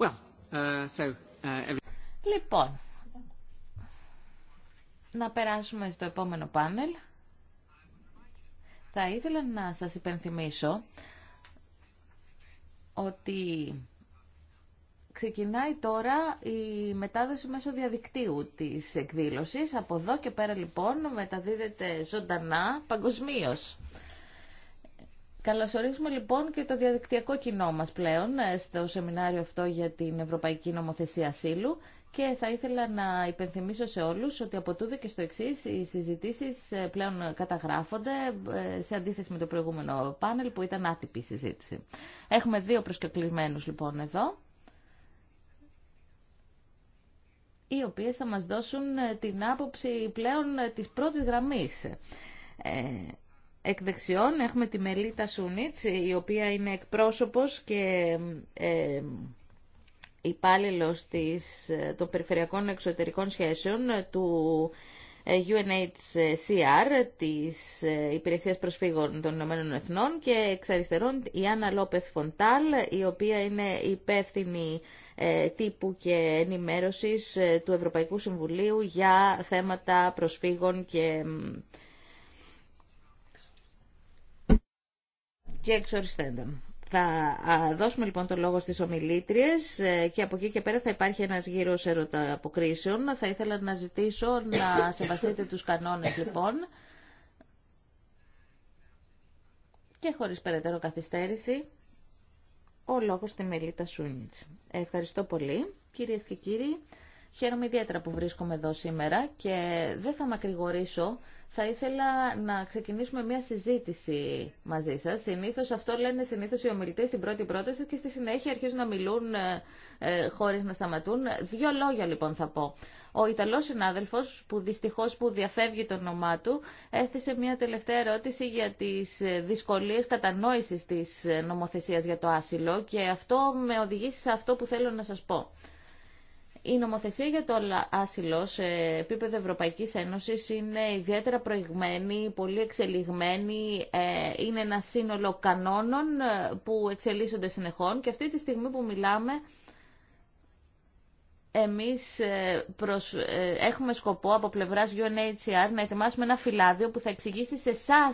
Uh, uh, λοιπόν, να περάσουμε στο επόμενο πάνελ. Θα ήθελα να σας υπενθυμίσω ότι ξεκινάει τώρα η μετάδοση μέσω διαδικτύου της εκδήλωσης. Από εδώ και πέρα λοιπόν μεταδίδεται ζωντανά παγκοσμίως. Καλωσορίζουμε λοιπόν και το διαδικτυακό κοινό μας πλέον ε, στο σεμινάριο αυτό για την Ευρωπαϊκή Νομοθεσία Ασύλου και θα ήθελα να υπενθυμίσω σε όλους ότι από τούτο και στο εξή οι συζητήσεις ε, πλέον καταγράφονται ε, σε αντίθεση με το προηγούμενο πάνελ που ήταν άτυπη συζήτηση. Έχουμε δύο προσκεκλημένους λοιπόν εδώ οι οποίε θα μας δώσουν την άποψη πλέον της πρώτης γραμμής. Εκ δεξιών έχουμε τη Μελίτα Σούνιτς, η οποία είναι εκπρόσωπος και ε, υπάλληλο ε, των Περιφερειακών Εξωτερικών Σχέσεων του ε, UNHCR, της ε, Υπηρεσίας Προσφύγων των Ηνωμένων Εθνών και εξ αριστερών η Άννα Λόπεθ Φοντάλ, η οποία είναι υπεύθυνη τύπου και ενημέρωσης του Ευρωπαϊκού Συμβουλίου για θέματα προσφύγων και και Θα δώσουμε λοιπόν το λόγο στις ομιλήτριες ε, και από εκεί και πέρα θα υπάρχει ένας γύρος ερωταποκρίσεων. Θα ήθελα να ζητήσω να σεβαστείτε τους κανόνες λοιπόν και χωρίς περαιτέρω καθυστέρηση ο λόγος στη Μελίτα Σούνιτς. Ευχαριστώ πολύ κυρίες και κύριοι. Χαίρομαι ιδιαίτερα που βρίσκομαι εδώ σήμερα και δεν θα μακρηγορήσω. Θα ήθελα να ξεκινήσουμε μια συζήτηση μαζί σα. Συνήθω αυτό λένε συνήθω οι ομιλητέ στην πρώτη πρόταση και στη συνέχεια αρχίζουν να μιλούν ε, ε να σταματούν. Δύο λόγια λοιπόν θα πω. Ο Ιταλός συνάδελφος που δυστυχώ που διαφεύγει το όνομά του έθεσε μια τελευταία ερώτηση για τι ε, δυσκολίε κατανόηση τη ε, νομοθεσία για το άσυλο και αυτό με οδηγήσει σε αυτό που θέλω να σα πω. Η νομοθεσία για το άσυλο σε επίπεδο ευρωπαϊκή Ένωση είναι ιδιαίτερα προηγμένη, πολύ εξελιγμένη. Ε, είναι ένα σύνολο κανόνων ε, που εξελίσσονται συνεχών και αυτή τη στιγμή που μιλάμε εμείς ε, έχουμε σκοπό από πλευράς UNHCR να ετοιμάσουμε ένα φυλάδιο που θα εξηγήσει σε εσά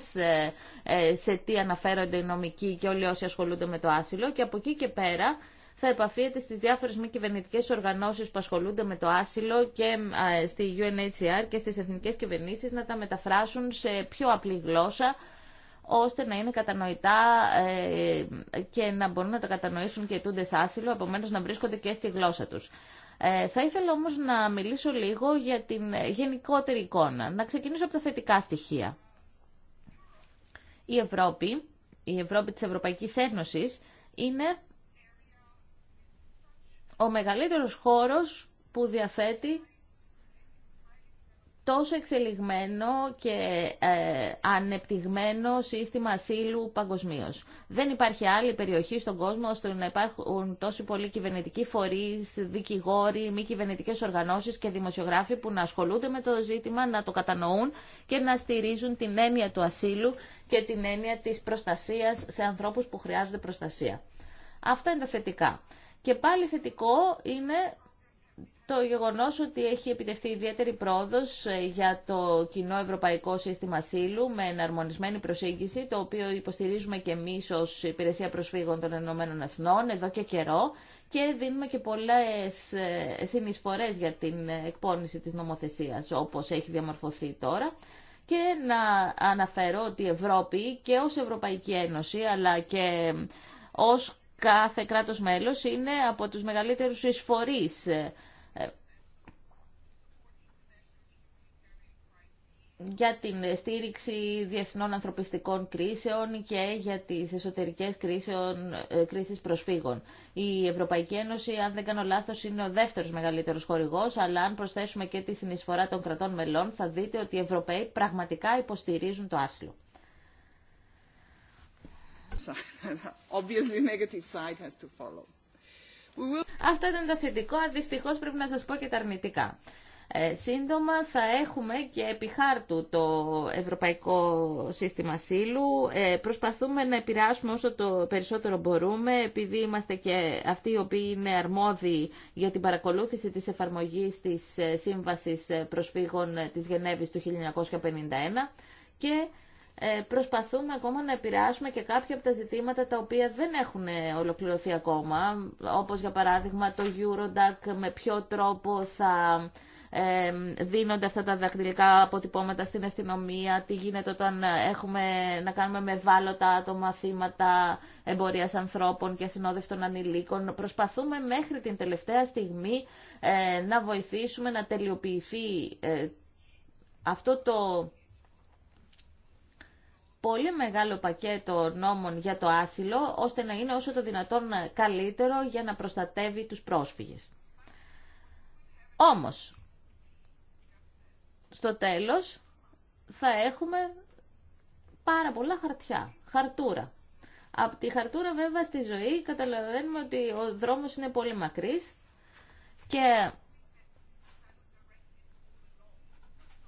σε τι αναφέρονται οι νομικοί και όλοι όσοι ασχολούνται με το άσυλο και από εκεί και πέρα θα επαφίεται στις διάφορες μη κυβερνητικέ οργανώσεις που ασχολούνται με το άσυλο και ε, στη UNHCR και στις εθνικές κυβερνήσεις να τα μεταφράσουν σε πιο απλή γλώσσα ώστε να είναι κατανοητά ε, και να μπορούν να τα κατανοήσουν και ετούντες άσυλο, επομένως να βρίσκονται και στη γλώσσα τους. Ε, θα ήθελα όμως να μιλήσω λίγο για την γενικότερη εικόνα. Να ξεκινήσω από τα θετικά στοιχεία. Η Ευρώπη, η Ευρώπη της Ευρωπαϊκής Ένωσης, είναι ο μεγαλύτερος χώρος που διαθέτει τόσο εξελιγμένο και ε, ανεπτυγμένο σύστημα ασύλου παγκοσμίω. Δεν υπάρχει άλλη περιοχή στον κόσμο ώστε να υπάρχουν τόσο πολλοί κυβερνητικοί φορεί, δικηγόροι, μη κυβερνητικέ οργανώσει και δημοσιογράφοι που να ασχολούνται με το ζήτημα, να το κατανοούν και να στηρίζουν την έννοια του ασύλου και την έννοια τη προστασία σε ανθρώπου που χρειάζονται προστασία. Αυτά είναι τα θετικά. Και πάλι θετικό είναι το γεγονός ότι έχει επιτευχθεί ιδιαίτερη πρόοδος ε, για το κοινό ευρωπαϊκό σύστημα ασύλου με εναρμονισμένη προσέγγιση, το οποίο υποστηρίζουμε και εμείς ως Υπηρεσία Προσφύγων των Ηνωμένων Εθνών εδώ και καιρό και δίνουμε και πολλές ε, συνεισφορές για την εκπόνηση της νομοθεσίας όπως έχει διαμορφωθεί τώρα. Και να αναφέρω ότι η Ευρώπη και ως Ευρωπαϊκή Ένωση αλλά και ως κάθε κράτος μέλος είναι από τους μεγαλύτερους εισφορείς ε, για την στήριξη διεθνών ανθρωπιστικών κρίσεων και για τις εσωτερικές κρίσεων, ε, κρίσεις προσφύγων. Η Ευρωπαϊκή Ένωση, αν δεν κάνω λάθος, είναι ο δεύτερος μεγαλύτερος χορηγός, αλλά αν προσθέσουμε και τη συνεισφορά των κρατών μελών, θα δείτε ότι οι Ευρωπαίοι πραγματικά υποστηρίζουν το άσυλο. Αυτό ήταν το θετικό, δυστυχώ πρέπει να σας πω και τα αρνητικά. Ε, σύντομα θα έχουμε και επί χάρτου το Ευρωπαϊκό Σύστημα Σύλλου. Ε, προσπαθούμε να επηρεάσουμε όσο το περισσότερο μπορούμε, επειδή είμαστε και αυτοί οι οποίοι είναι αρμόδιοι για την παρακολούθηση της εφαρμογής της ε, Σύμβασης Προσφύγων της Γενέβης του 1951 και ε, προσπαθούμε ακόμα να επηρεάσουμε και κάποια από τα ζητήματα τα οποία δεν έχουν ε, ολοκληρωθεί ακόμα, όπως για παράδειγμα το Eurodac, με ποιο τρόπο θα ε, δίνονται αυτά τα δακτυλικά αποτυπώματα στην αστυνομία, τι γίνεται όταν έχουμε να κάνουμε με βάλωτα άτομα, θύματα εμπορίας ανθρώπων και συνόδευτων ανηλίκων. Προσπαθούμε μέχρι την τελευταία στιγμή να βοηθήσουμε να τελειοποιηθεί αυτό το πολύ μεγάλο πακέτο νόμων για το άσυλο, ώστε να είναι όσο το δυνατόν καλύτερο για να προστατεύει τους πρόσφυγες. Όμως, στο τέλος θα έχουμε πάρα πολλά χαρτιά, χαρτούρα. Από τη χαρτούρα βέβαια στη ζωή καταλαβαίνουμε ότι ο δρόμος είναι πολύ μακρύς και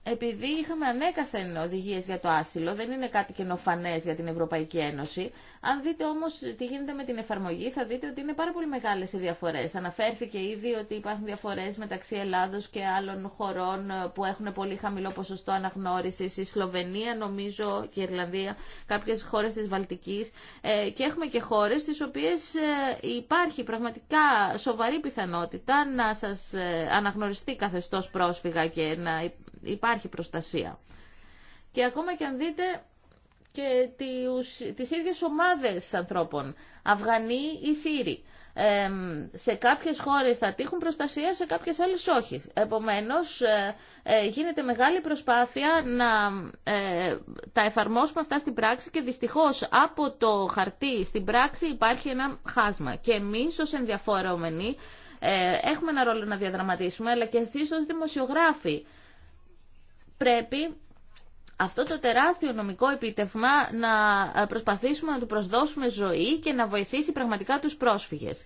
επειδή είχαμε ανέκαθεν οδηγίες για το άσυλο, δεν είναι κάτι καινοφανές για την Ευρωπαϊκή Ένωση. Αν δείτε όμως τι γίνεται με την εφαρμογή, θα δείτε ότι είναι πάρα πολύ μεγάλες οι διαφορές. Αναφέρθηκε ήδη ότι υπάρχουν διαφορές μεταξύ Ελλάδος και άλλων χωρών που έχουν πολύ χαμηλό ποσοστό αναγνώρισης. Η Σλοβενία, νομίζω, και η Ιρλανδία, κάποιες χώρες της Βαλτικής. Ε, και έχουμε και χώρες στις οποίες ε, υπάρχει πραγματικά σοβαρή πιθανότητα να σας ε, αναγνωριστεί καθεστώς πρόσφυγα και να υπάρχει προστασία. Και ακόμα και αν δείτε και τις ίδιες ομάδες ανθρώπων, Αφγανοί ή Σύροι. σε κάποιες χώρες θα τύχουν προστασία, σε κάποιες άλλες όχι. Επομένως, ε, ε, γίνεται μεγάλη προσπάθεια να ε, τα εφαρμόσουμε αυτά στην πράξη και δυστυχώς από το χαρτί στην πράξη υπάρχει ένα χάσμα. Και εμείς ως ενδιαφορεωμένοι έχουμε ένα ρόλο να διαδραματίσουμε, αλλά και εσείς ως δημοσιογράφοι πρέπει αυτό το τεράστιο νομικό επίτευγμα να προσπαθήσουμε να του προσδώσουμε ζωή και να βοηθήσει πραγματικά τους πρόσφυγες.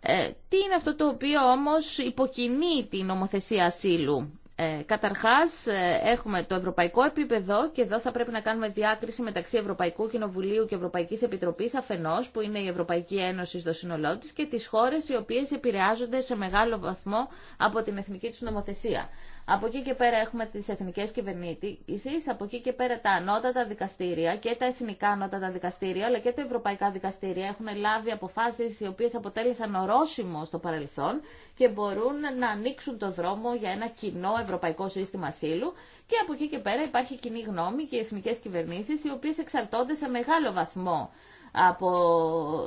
Ε, τι είναι αυτό το οποίο όμως υποκινεί την νομοθεσία ασύλου. Ε, καταρχάς ε, έχουμε το ευρωπαϊκό επίπεδο και εδώ θα πρέπει να κάνουμε διάκριση μεταξύ Ευρωπαϊκού Κοινοβουλίου και Ευρωπαϊκής Επιτροπής αφενός που είναι η Ευρωπαϊκή Ένωση στο σύνολό της και τις χώρες οι οποίες επηρεάζονται σε μεγάλο βαθμό από την εθνική τους νομοθεσία. Από εκεί και πέρα έχουμε τις εθνικές κυβερνήσεις, από εκεί και πέρα τα ανώτατα δικαστήρια και τα εθνικά ανώτατα δικαστήρια, αλλά και τα ευρωπαϊκά δικαστήρια έχουν λάβει αποφάσεις οι οποίες αποτέλεσαν ορόσημο στο παρελθόν και μπορούν να ανοίξουν το δρόμο για ένα κοινό ευρωπαϊκό σύστημα ασύλου και από εκεί και πέρα υπάρχει κοινή γνώμη και οι εθνικέ κυβερνήσει, οι οποίε εξαρτώνται σε μεγάλο βαθμό από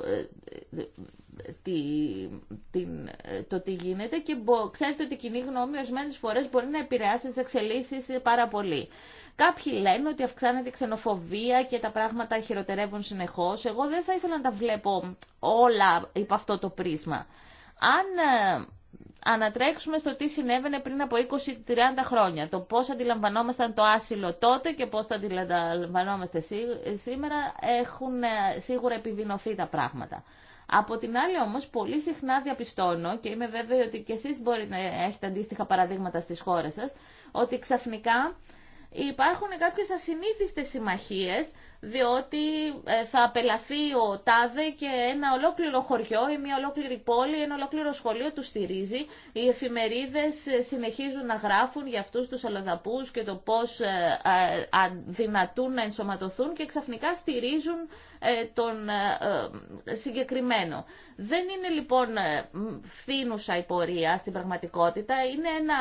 ε, την, το τι γίνεται και ξέρετε ότι η κοινή γνώμη ορισμένε φορές μπορεί να επηρεάσει τις εξελίξεις πάρα πολύ. Κάποιοι λένε ότι αυξάνεται η ξενοφοβία και τα πράγματα χειροτερεύουν συνεχώς. Εγώ δεν θα ήθελα να τα βλέπω όλα υπό αυτό το πρίσμα. Αν ε, ανατρέξουμε στο τι συνέβαινε πριν από 20-30 χρόνια, το πώς αντιλαμβανόμασταν το άσυλο τότε και πώς το αντιλαμβανόμαστε σήμερα, έχουν ε, σίγουρα επιδεινωθεί τα πράγματα. Από την άλλη όμως πολύ συχνά διαπιστώνω και είμαι βέβαιη ότι και εσείς μπορεί να έχετε αντίστοιχα παραδείγματα στις χώρες σας ότι ξαφνικά υπάρχουν κάποιες ασυνήθιστες συμμαχίες, διότι ε, θα απελαθεί ο τάδε και ένα ολόκληρο χωριό ή μια ολόκληρη πόλη, ένα ολόκληρο σχολείο του στηρίζει. Οι εφημερίδες ε, συνεχίζουν να γράφουν για αυτούς τους αλλοδαπούς και το πώς ε, δυνατούν να ενσωματωθούν και ξαφνικά στηρίζουν τον συγκεκριμένο. Δεν είναι λοιπόν φθήνουσα η πορεία στην πραγματικότητα, είναι ένα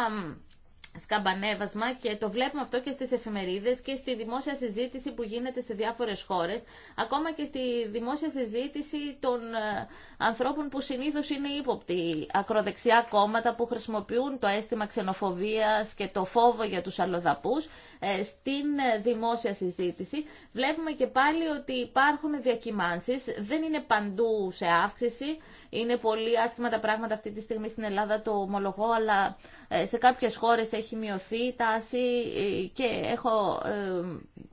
σκαμπανέβασμα και το βλέπουμε αυτό και στις εφημερίδες και στη δημόσια συζήτηση που γίνεται σε διάφορες χώρες, ακόμα και στη δημόσια συζήτηση των ε, ανθρώπων που συνήθως είναι ύποπτοι, ακροδεξιά κόμματα που χρησιμοποιούν το αίσθημα ξενοφοβίας και το φόβο για τους αλλοδαπούς ε, στην ε, δημόσια συζήτηση. Βλέπουμε και πάλι ότι υπάρχουν διακυμάνσεις, δεν είναι παντού σε αύξηση, είναι πολύ άσχημα τα πράγματα αυτή τη στιγμή στην Ελλάδα, το ομολογώ, αλλά ε, σε κάποιες χώρες έχει μειωθεί η τάση ε, και έχω ε,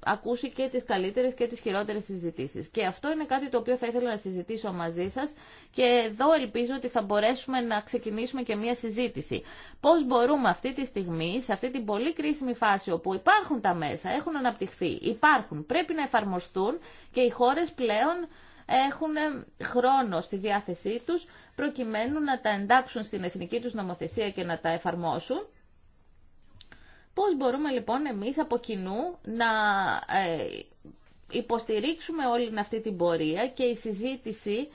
ακούσει και τις καλύτερες και τις χειρότερες συζητήσεις. Και αυτό είναι κάτι το οποίο θα ήθελα να συζητήσω μαζί σας και εδώ ελπίζω ότι θα μπορέσουμε να ξεκινήσουμε και μία συζήτηση. Πώς μπορούμε αυτή τη στιγμή, σε αυτή την πολύ κρίσιμη φάση όπου υπάρχουν τα μέσα, έχουν αναπτυχθεί, υπάρχουν, πρέπει να εφαρμοστούν και οι χώρες πλέον έχουν χρόνο στη διάθεσή τους προκειμένου να τα εντάξουν στην εθνική τους νομοθεσία και να τα εφαρμόσουν. Πώς μπορούμε λοιπόν εμείς από κοινού να ε, υποστηρίξουμε όλη αυτή την πορεία και η συζήτηση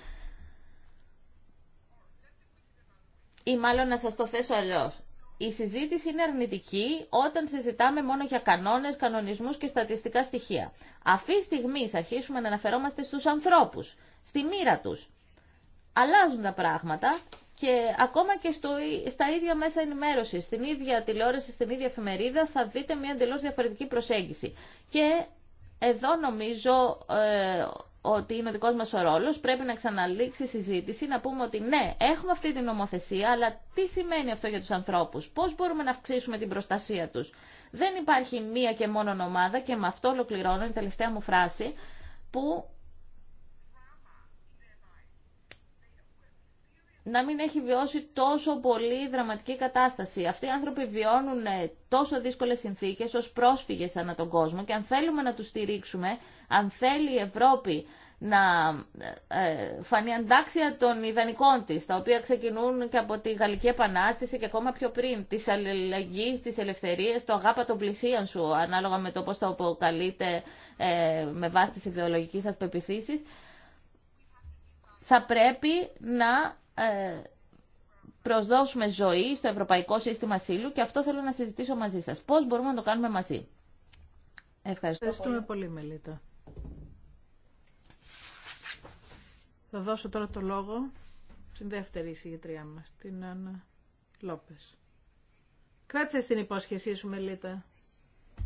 ή μάλλον να σας το θέσω αλλιώς η συζήτηση είναι αρνητική όταν συζητάμε μόνο για κανόνες, κανονισμούς και στατιστικά στοιχεία. Αυτή τη στιγμή αρχίσουμε να αναφερόμαστε στους ανθρώπους, στη μοίρα τους. Αλλάζουν τα πράγματα και ακόμα και στο, στα ίδια μέσα ενημέρωση, στην ίδια τηλεόραση, στην ίδια εφημερίδα θα δείτε μια εντελώ διαφορετική προσέγγιση. Και εδώ νομίζω ε, ότι είναι ο δικός μας ο ρόλος, πρέπει να ξαναλήξει η συζήτηση, να πούμε ότι ναι, έχουμε αυτή την νομοθεσία, αλλά τι σημαίνει αυτό για τους ανθρώπους, πώς μπορούμε να αυξήσουμε την προστασία τους. Δεν υπάρχει μία και μόνο ομάδα και με αυτό ολοκληρώνω η τελευταία μου φράση που να μην έχει βιώσει τόσο πολύ δραματική κατάσταση. Αυτοί οι άνθρωποι βιώνουν ε, τόσο δύσκολες συνθήκες ως πρόσφυγες ανά τον κόσμο και αν θέλουμε να τους στηρίξουμε, αν θέλει η Ευρώπη να ε, ε, φανεί αντάξια των ιδανικών της, τα οποία ξεκινούν και από τη Γαλλική Επανάσταση και ακόμα πιο πριν, της αλληλεγγύης, της ελευθερίας, το αγάπα των πλησίων σου, ανάλογα με το πώς το αποκαλείτε με βάση τις ιδεολογικές σας πεπιθήσεις, θα πρέπει να ε, προσδώσουμε ζωή στο Ευρωπαϊκό Σύστημα Σύλλου και αυτό θέλω να συζητήσω μαζί σας. Πώς μπορούμε να το κάνουμε μαζί. Ευχαριστώ Ευχαριστούμε πολύ, πολύ Μελίτα. Θα δώσω τώρα το λόγο στην δεύτερη συγγετριά μας, την Άννα Λόπες. Κράτησε την υπόσχεσή σου, Μελίτα.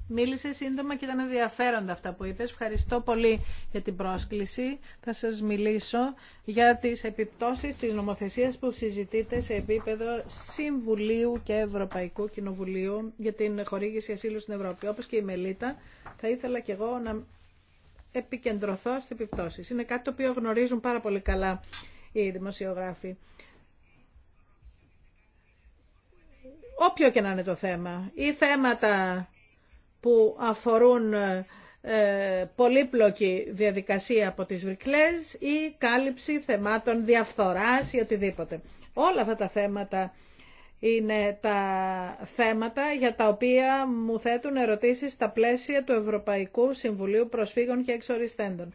Μίλησε σύντομα και ήταν ενδιαφέροντα αυτά που είπες. Ευχαριστώ πολύ για την πρόσκληση. Θα σας μιλήσω για τις επιπτώσεις της νομοθεσίας που συζητείτε σε επίπεδο Συμβουλίου και Ευρωπαϊκού Κοινοβουλίου για την χορήγηση ασύλου στην Ευρώπη. Όπως και η Μελίτα, θα ήθελα και εγώ να επικεντρωθώ στις επιπτώσεις. Είναι κάτι το οποίο γνωρίζουν πάρα πολύ καλά οι δημοσιογράφοι. Όποιο και να είναι το θέμα, ή θέματα που αφορούν ε, ε, πολύπλοκη διαδικασία από τις Βρυκλές ή κάλυψη θεμάτων διαφθοράς ή οτιδήποτε. Όλα αυτά τα θέματα είναι τα θέματα για τα οποία μου θέτουν ερωτήσεις στα πλαίσια του Ευρωπαϊκού Συμβουλίου Προσφύγων και Εξοριστέντων.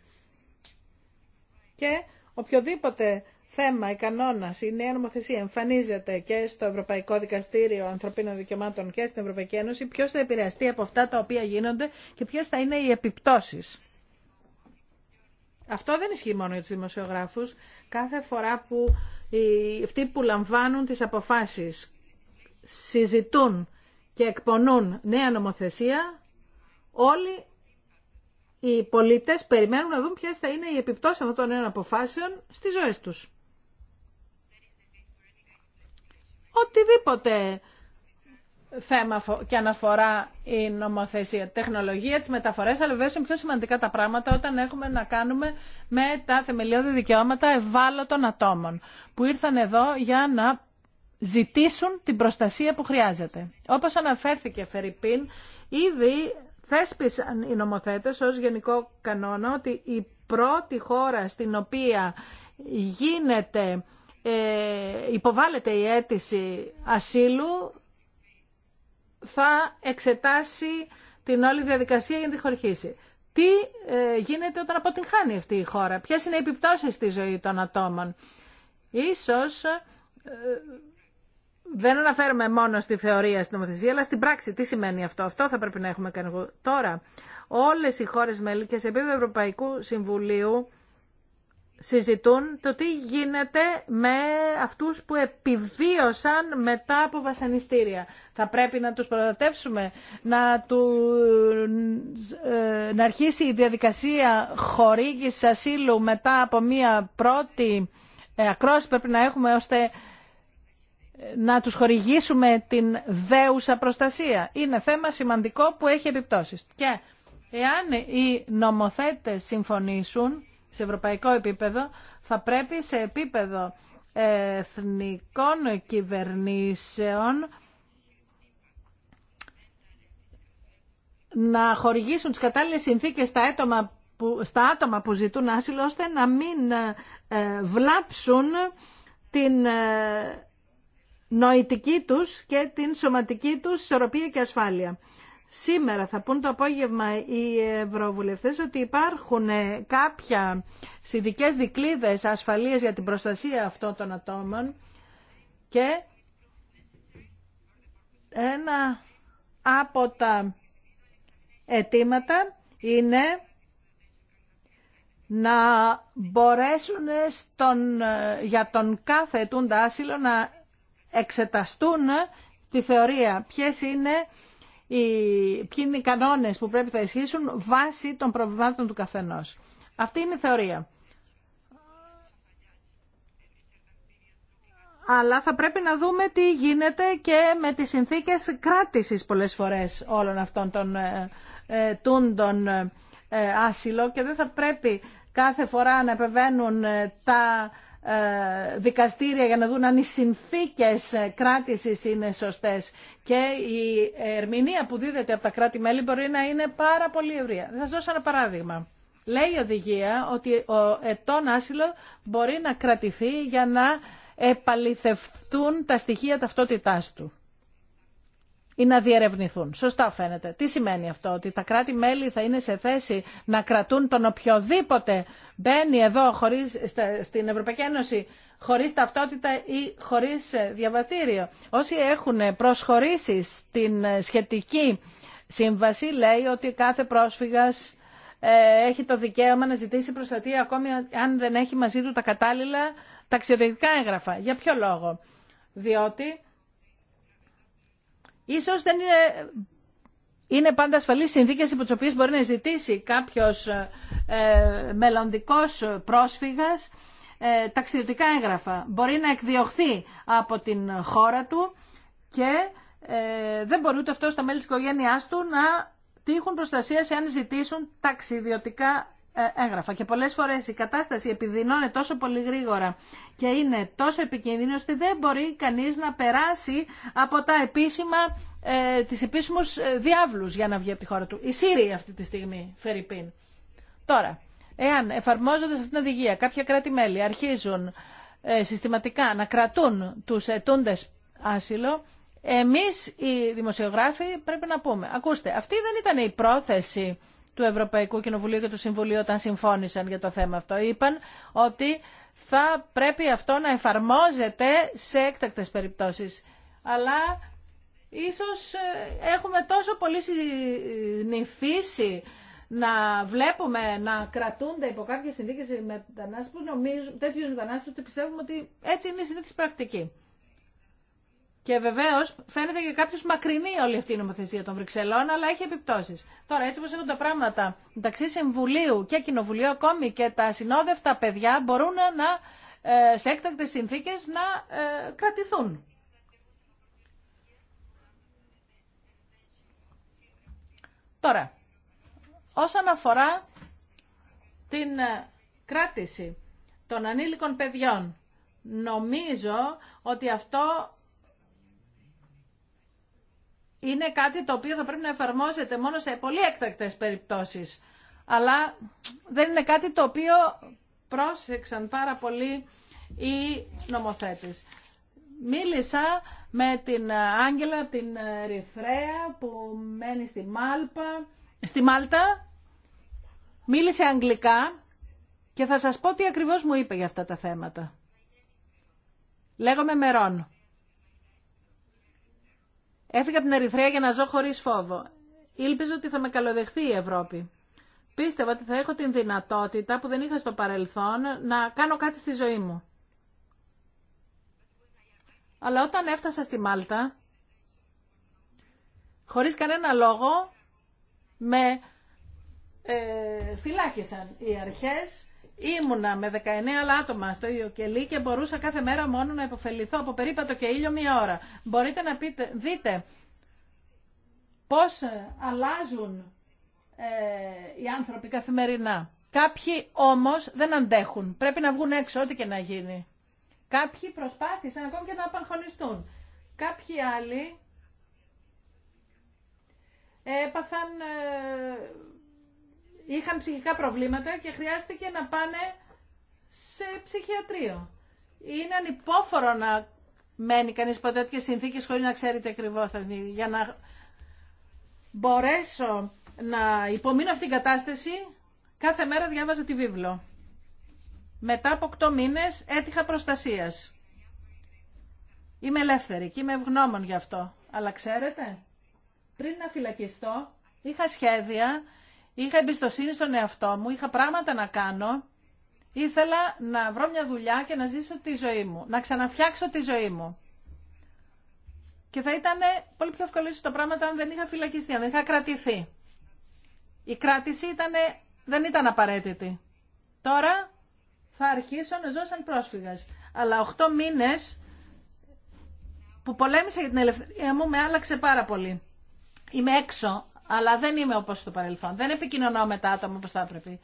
Και οποιοδήποτε θέμα, η κανόνα, η νέα νομοθεσία εμφανίζεται και στο Ευρωπαϊκό Δικαστήριο Ανθρωπίνων Δικαιωμάτων και στην Ευρωπαϊκή Ένωση, ποιο θα επηρεαστεί από αυτά τα οποία γίνονται και ποιε θα είναι οι επιπτώσει. Αυτό δεν ισχύει μόνο για του δημοσιογράφου. Κάθε φορά που οι, αυτοί που λαμβάνουν τι αποφάσει. συζητούν και εκπονούν νέα νομοθεσία, όλοι οι πολίτες περιμένουν να δουν ποιες θα είναι οι επιπτώσεις αυτών των νέων αποφάσεων στις ζωές τους. οτιδήποτε θέμα και αναφορά η νομοθεσία, τεχνολογία, τις μεταφορές, αλλά βέβαια είναι πιο σημαντικά τα πράγματα όταν έχουμε να κάνουμε με τα θεμελιώδη δικαιώματα ευάλωτων ατόμων που ήρθαν εδώ για να ζητήσουν την προστασία που χρειάζεται. Όπως αναφέρθηκε Φερρυπίν, ήδη θέσπισαν οι νομοθέτες ως γενικό κανόνα ότι η πρώτη χώρα στην οποία γίνεται ε, υποβάλλεται η αίτηση ασύλου θα εξετάσει την όλη διαδικασία για να τη Τι ε, γίνεται όταν αποτυγχάνει αυτή η χώρα, ποιε είναι οι επιπτώσεις στη ζωή των ατόμων. Ίσως ε, δεν αναφέρουμε μόνο στη θεωρία, στην νομοθεσία, αλλά στην πράξη. Τι σημαίνει αυτό. Αυτό θα πρέπει να έχουμε κάνει τώρα. Όλες οι χώρες μέλη επίπεδο Ευρωπαϊκού Συμβουλίου συζητούν το τι γίνεται με αυτούς που επιβίωσαν μετά από βασανιστήρια. Θα πρέπει να τους προστατεύσουμε, να, του, ε, να αρχίσει η διαδικασία χορήγησης ασύλου μετά από μία πρώτη ε, ακρόση πρέπει να έχουμε ώστε ε, να τους χορηγήσουμε την δέουσα προστασία. Είναι θέμα σημαντικό που έχει επιπτώσεις. Και εάν οι νομοθέτες συμφωνήσουν, σε ευρωπαϊκό επίπεδο, θα πρέπει σε επίπεδο εθνικών κυβερνήσεων να χορηγήσουν τις κατάλληλες συνθήκες στα, άτομα που, στα άτομα που ζητούν άσυλο, ώστε να μην ε, βλάψουν την ε, νοητική τους και την σωματική τους ισορροπία και ασφάλεια. Σήμερα θα πούν το απόγευμα οι ευρωβουλευτές ότι υπάρχουν κάποια συνδικές δικλίδες ασφαλείας για την προστασία αυτών των ατόμων και ένα από τα αιτήματα είναι να μπορέσουν για τον κάθε ετούντα άσυλο να εξεταστούν τη θεωρία ποιες είναι ποιοι είναι οι κανόνες που πρέπει να ισχύσουν βάσει των προβλημάτων του καθενός. Αυτή είναι η θεωρία. αλλά θα πρέπει να δούμε τι γίνεται και με τις συνθήκες κράτησης πολλές φορές όλων αυτών των ε, ε τούντων ε, άσυλο και δεν θα πρέπει κάθε φορά να επεβαίνουν ε, τα ε, δικαστήρια για να δουν αν οι συνθήκες ε, κράτησης είναι σωστές και η ερμηνεία που δίδεται από τα κράτη-μέλη μπορεί να είναι πάρα πολύ ευρεία. Θα σας δώσω ένα παράδειγμα. Λέει η οδηγία ότι ο ετών άσυλο μπορεί να κρατηθεί για να επαληθευτούν τα στοιχεία ταυτότητάς του ή να διερευνηθούν. Σωστά φαίνεται. Τι σημαίνει αυτό, ότι τα κράτη-μέλη θα είναι σε θέση να κρατούν τον οποιοδήποτε μπαίνει εδώ χωρίς, στην Ευρωπαϊκή Ένωση χωρίς ταυτότητα ή χωρίς ε, διαβατήριο. Όσοι έχουν προσχωρήσει στην ε, σχετική σύμβαση λέει ότι κάθε πρόσφυγας ε, έχει το δικαίωμα να ζητήσει προστατεία ακόμη αν δεν έχει μαζί του τα κατάλληλα ταξιδιωτικά έγγραφα. Για ποιο λόγο. Διότι ίσως δεν είναι, πάντα ασφαλή συνθήκε υπό τι οποίε μπορεί να ζητήσει κάποιος ε, μελλοντικός πρόσφυγας ε, ταξιδιωτικά έγγραφα. Μπορεί να εκδιωχθεί από την χώρα του και ε, δεν μπορεί ούτε αυτό στα μέλη της οικογένειάς του να τύχουν προστασία αν ζητήσουν ταξιδιωτικά ε, και πολλές φορές η κατάσταση επιδεινώνεται τόσο πολύ γρήγορα και είναι τόσο επικίνδυνη ώστε δεν μπορεί κανείς να περάσει από τα επίσημα, ε, τις επίσημους ε, διάβλους για να βγει από τη χώρα του. Η Σύρια αυτή τη στιγμή, Φερρυπίν. Τώρα, εάν εφαρμόζοντας αυτήν την οδηγία κάποια κράτη-μέλη αρχίζουν ε, συστηματικά να κρατούν τους ετούντες άσυλο, εμείς οι δημοσιογράφοι πρέπει να πούμε, ακούστε, αυτή δεν ήταν η πρόθεση του Ευρωπαϊκού Κοινοβουλίου και του Συμβουλίου όταν συμφώνησαν για το θέμα αυτό. Είπαν ότι θα πρέπει αυτό να εφαρμόζεται σε έκτακτες περιπτώσεις. Αλλά ίσως ε, έχουμε τόσο πολύ συνηθίσει να βλέπουμε να κρατούνται υπό κάποιες συνθήκες οι μετανάστες που νομίζουν, τέτοιους μετανάστες ότι πιστεύουμε ότι έτσι είναι η συνήθιση πρακτική. Και βεβαίω φαίνεται και κάποιο μακρινή όλη αυτή η νομοθεσία των Βρυξελών, αλλά έχει επιπτώσει. Τώρα, έτσι όπω έχουν τα πράγματα μεταξύ Συμβουλίου και Κοινοβουλίου, ακόμη και τα συνόδευτα παιδιά μπορούν να, ε, σε έκτακτε συνθήκε να ε, κρατηθούν. Τώρα, όσον αφορά την ε, κράτηση των ανήλικων παιδιών, νομίζω ότι αυτό είναι κάτι το οποίο θα πρέπει να εφαρμόζεται μόνο σε πολύ έκτακτες περιπτώσεις. Αλλά δεν είναι κάτι το οποίο πρόσεξαν πάρα πολύ οι νομοθέτες. Μίλησα με την Άγγελα την Ριφρέα που μένει στη, Μάλπα, στη Μάλτα. Μίλησε αγγλικά και θα σας πω τι ακριβώς μου είπε για αυτά τα θέματα. Λέγομαι Μερών. Έφυγα από την Ερυθρέα για να ζω χωρίς φόβο. Ήλπιζα ότι θα με καλοδεχθεί η Ευρώπη. Πίστευα ότι θα έχω την δυνατότητα που δεν είχα στο παρελθόν να κάνω κάτι στη ζωή μου. Αλλά όταν έφτασα στη Μάλτα, χωρίς κανένα λόγο, με ε, φυλάκισαν οι αρχές Ήμουνα με 19 άλλα άτομα στο ίδιο κελί και μπορούσα κάθε μέρα μόνο να υποφεληθώ από περίπατο και ήλιο μία ώρα. Μπορείτε να πείτε, δείτε πώς ε, αλλάζουν ε, οι άνθρωποι καθημερινά. Κάποιοι όμως δεν αντέχουν. Πρέπει να βγουν έξω ό,τι και να γίνει. Κάποιοι προσπάθησαν ακόμη και να απαγχωνιστούν. Κάποιοι άλλοι έπαθαν... Ε, είχαν ψυχικά προβλήματα και χρειάστηκε να πάνε σε ψυχιατρίο. Είναι ανυπόφορο να μένει κανείς ποτέ τέτοιες συνθήκες χωρίς να ξέρετε ακριβώς. Για να μπορέσω να υπομείνω αυτήν την κατάσταση, κάθε μέρα διάβαζα τη βίβλο. Μετά από 8 μήνες έτυχα προστασίας. Είμαι ελεύθερη και είμαι ευγνώμων γι' αυτό. Αλλά ξέρετε, πριν να φυλακιστώ, είχα σχέδια είχα εμπιστοσύνη στον εαυτό μου, είχα πράγματα να κάνω, ήθελα να βρω μια δουλειά και να ζήσω τη ζωή μου, να ξαναφτιάξω τη ζωή μου. Και θα ήταν πολύ πιο εύκολο το πράγμα αν δεν είχα φυλακιστεί, αν δεν είχα κρατηθεί. Η κράτηση ήτανε, δεν ήταν απαραίτητη. Τώρα θα αρχίσω να ζω σαν πρόσφυγας. Αλλά 8 μήνες που πολέμησα για την ελευθερία μου με άλλαξε πάρα πολύ. Είμαι έξω αλλά δεν είμαι όπως στο παρελθόν. Δεν επικοινωνώ με τα άτομα όπως θα έπρεπε.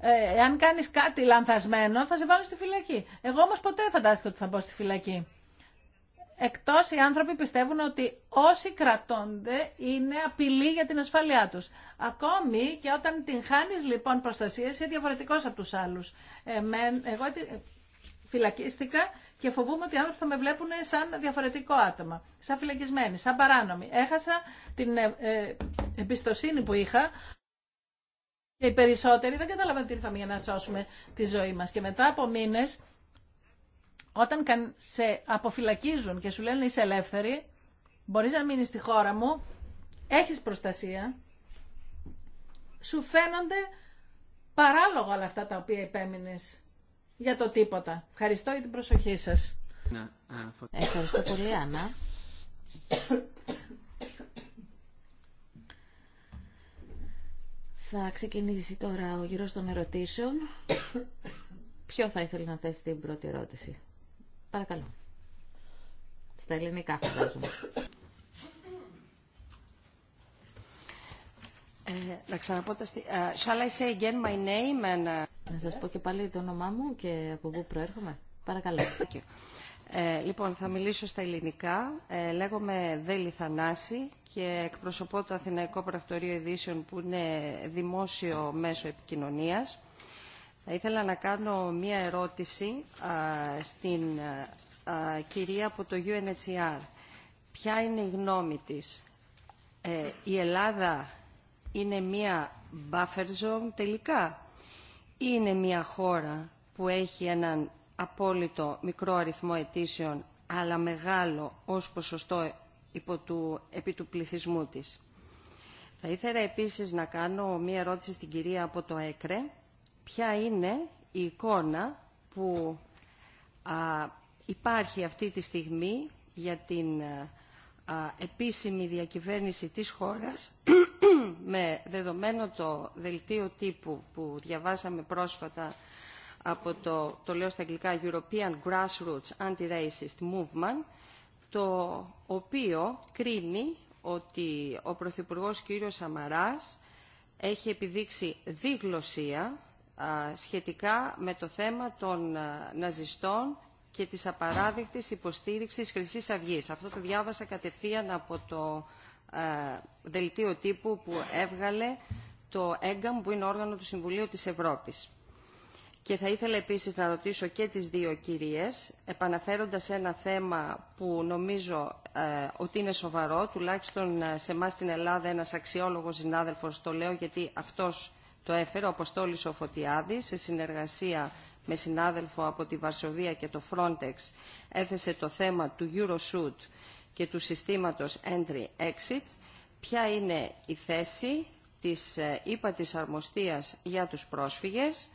Ε, αν κάνεις κάτι λανθασμένο θα σε βάλω στη φυλακή. Εγώ όμω ποτέ δεν φαντάστηκα ότι θα μπω στη φυλακή. Εκτός οι άνθρωποι πιστεύουν ότι όσοι κρατώνται είναι απειλή για την ασφάλειά τους. Ακόμη και όταν την χάνεις λοιπόν προστασία είσαι διαφορετικό από του άλλου. Ε, εγώ φυλακίστηκα και φοβούμαι ότι οι άνθρωποι θα με βλέπουν σαν διαφορετικό άτομα, σαν φυλακισμένη, σαν παράνομη. Έχασα την ε, ε, εμπιστοσύνη που είχα και οι περισσότεροι δεν καταλαβαίνουν ότι ήρθαμε για να σώσουμε τη ζωή μας. Και μετά από μήνες, όταν σε αποφυλακίζουν και σου λένε είσαι ελεύθερη, μπορείς να μείνεις στη χώρα μου, έχεις προστασία, σου φαίνονται παράλογα όλα αυτά τα οποία υπέμεινες για το τίποτα. Ευχαριστώ για την προσοχή σας. Ευχαριστώ πολύ, Άννα. Θα ξεκινήσει τώρα ο γύρος των ερωτήσεων. Ποιο θα ήθελε να θέσει την πρώτη ερώτηση. Παρακαλώ. Στα ελληνικά φαντάζομαι. Ε, να ξαναπώ ε, Shall I say again ε, σας πω και πάλι το όνομά μου και από πού προέρχομαι. Παρακαλώ. Ε, λοιπόν, θα μιλήσω στα ελληνικά. Ε, λέγομαι Δέλη Θανάση και εκπροσωπώ το Αθηναϊκό Πρακτορείο Ειδήσεων που είναι δημόσιο μέσο επικοινωνίας. Θα ήθελα να κάνω μία ερώτηση στην κυρία από το UNHCR. Ποια είναι η γνώμη της. η Ελλάδα είναι μία buffer zone τελικά. Είναι μία χώρα που έχει έναν απόλυτο μικρό αριθμό αιτήσεων, αλλά μεγάλο ως ποσοστό υπό του, επί του πληθυσμού της. Θα ήθελα επίσης να κάνω μία ερώτηση στην κυρία από το ΕΚΡΕ. Ποια είναι η εικόνα που υπάρχει αυτή τη στιγμή για την επίσημη διακυβέρνηση της χώρας με δεδομένο το δελτίο τύπου που διαβάσαμε πρόσφατα από το, το λέω στα αγγλικά, European Grassroots Anti-Racist Movement, το οποίο κρίνει ότι ο Πρωθυπουργό κύριος Σαμαράς έχει επιδείξει δίγλωσία σχετικά με το θέμα των ναζιστών και της απαράδεκτης υποστήριξης χρυσή αυγή. Αυτό το διάβασα κατευθείαν από το ε, δελτίο τύπου που έβγαλε το ΕΓΚΑΜ που είναι όργανο του Συμβουλίου της Ευρώπης. Και θα ήθελα επίσης να ρωτήσω και τις δύο κυρίες, επαναφέροντας ένα θέμα που νομίζω ε, ότι είναι σοβαρό, τουλάχιστον ε, σε εμά στην Ελλάδα ένας αξιόλογος συνάδελφος το λέω γιατί αυτός το έφερε, ο Αποστόλης ο Φωτιάδης, σε συνεργασία με συνάδελφο από τη Βαρσοβία και το Frontex, έθεσε το θέμα του Euroshoot και του συστήματος Entry-Exit, ποια είναι η θέση της ΥΠΑ ε, της Αρμοστίας για τους πρόσφυγες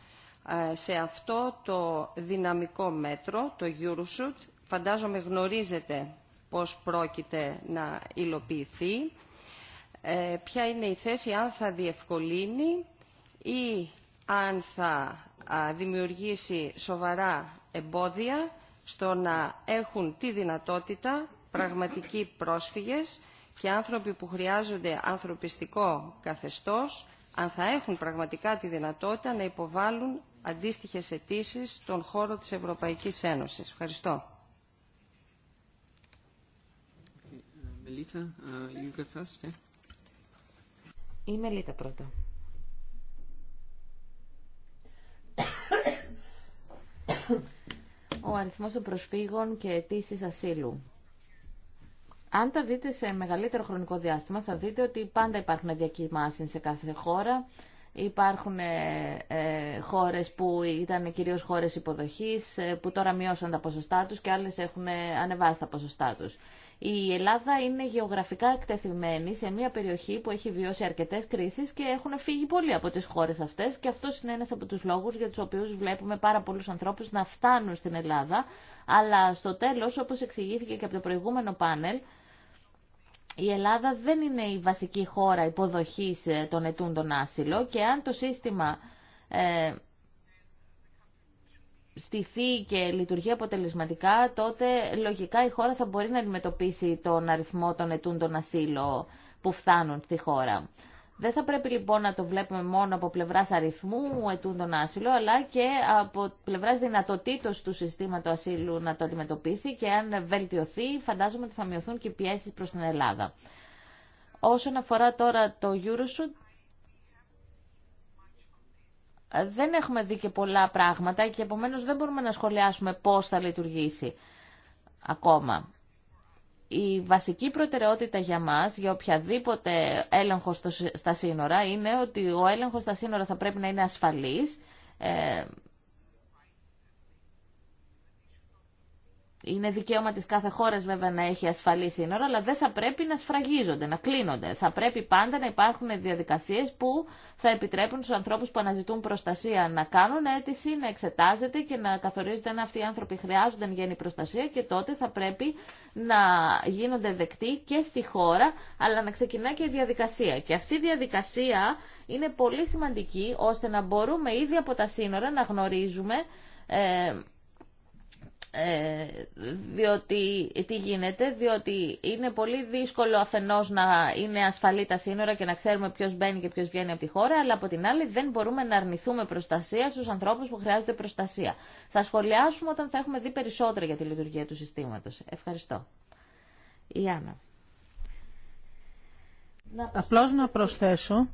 ε, σε αυτό το δυναμικό μέτρο, το EuroSuit. Φαντάζομαι γνωρίζετε πώς πρόκειται να υλοποιηθεί. Ε, ποια είναι η θέση, αν θα διευκολύνει ή αν θα δημιουργήσει σοβαρά εμπόδια στο να έχουν τη δυνατότητα πραγματικοί πρόσφυγες και άνθρωποι που χρειάζονται ανθρωπιστικό καθεστώς, αν θα έχουν πραγματικά τη δυνατότητα να υποβάλουν αντίστοιχες αιτήσει στον χώρο της Ευρωπαϊκής Ένωσης. Ευχαριστώ. Ε, Η Μελίτα πρώτα. Ο αριθμός των προσφύγων και αιτήσει ασύλου. Αν τα δείτε σε μεγαλύτερο χρονικό διάστημα, θα δείτε ότι πάντα υπάρχουν διακοιμάσεις σε κάθε χώρα. Υπάρχουν ε, ε, χώρες που ήταν κυρίως χώρες υποδοχής, ε, που τώρα μειώσαν τα ποσοστά τους και άλλες έχουν ε, ανεβάσει τα ποσοστά τους. Η Ελλάδα είναι γεωγραφικά εκτεθειμένη σε μια περιοχή που έχει βιώσει αρκετές κρίσεις και έχουν φύγει πολλοί από τις χώρες αυτές. Και αυτό είναι ένας από τους λόγους για τους οποίους βλέπουμε πάρα πολλούς ανθρώπους να φτάνουν στην Ελλάδα. Αλλά στο τέλο, όπω εξηγήθηκε και από το προηγούμενο πάνελ, η Ελλάδα δεν είναι η βασική χώρα υποδοχής ε, των ετούντων άσυλο και αν το σύστημα ε, στηθεί και λειτουργεί αποτελεσματικά, τότε λογικά η χώρα θα μπορεί να αντιμετωπίσει τον αριθμό των ετούντων ασύλο που φτάνουν στη χώρα. Δεν θα πρέπει λοιπόν να το βλέπουμε μόνο από πλευρά αριθμού ετούν τον άσυλο, αλλά και από πλευρά δυνατοτήτω του συστήματο ασύλου να το αντιμετωπίσει και αν βελτιωθεί, φαντάζομαι ότι θα μειωθούν και οι πιέσει προ την Ελλάδα. Όσον αφορά τώρα το Eurosuit, δεν έχουμε δει και πολλά πράγματα και επομένως δεν μπορούμε να σχολιάσουμε πώς θα λειτουργήσει ακόμα η βασική προτεραιότητα για μας, για οποιαδήποτε έλεγχο στα σύνορα, είναι ότι ο έλεγχος στα σύνορα θα πρέπει να είναι ασφαλής, ε, είναι δικαίωμα τη κάθε χώρα βέβαια να έχει ασφαλή σύνορα, αλλά δεν θα πρέπει να σφραγίζονται, να κλείνονται. Θα πρέπει πάντα να υπάρχουν διαδικασίε που θα επιτρέπουν στους ανθρώπου που αναζητούν προστασία να κάνουν αίτηση, να εξετάζεται και να καθορίζεται αν αυτοί οι άνθρωποι χρειάζονται γέννη προστασία και τότε θα πρέπει να γίνονται δεκτοί και στη χώρα, αλλά να ξεκινά και η διαδικασία. Και αυτή η διαδικασία είναι πολύ σημαντική ώστε να μπορούμε ήδη από τα σύνορα να γνωρίζουμε ε, ε, διότι, τι γίνεται, διότι είναι πολύ δύσκολο αφενός να είναι ασφαλή τα σύνορα και να ξέρουμε ποιος μπαίνει και ποιος βγαίνει από τη χώρα, αλλά από την άλλη δεν μπορούμε να αρνηθούμε προστασία στους ανθρώπους που χρειάζονται προστασία. Θα σχολιάσουμε όταν θα έχουμε δει περισσότερα για τη λειτουργία του συστήματος. Ευχαριστώ. Η Άννα. Απλώς να προσθέσω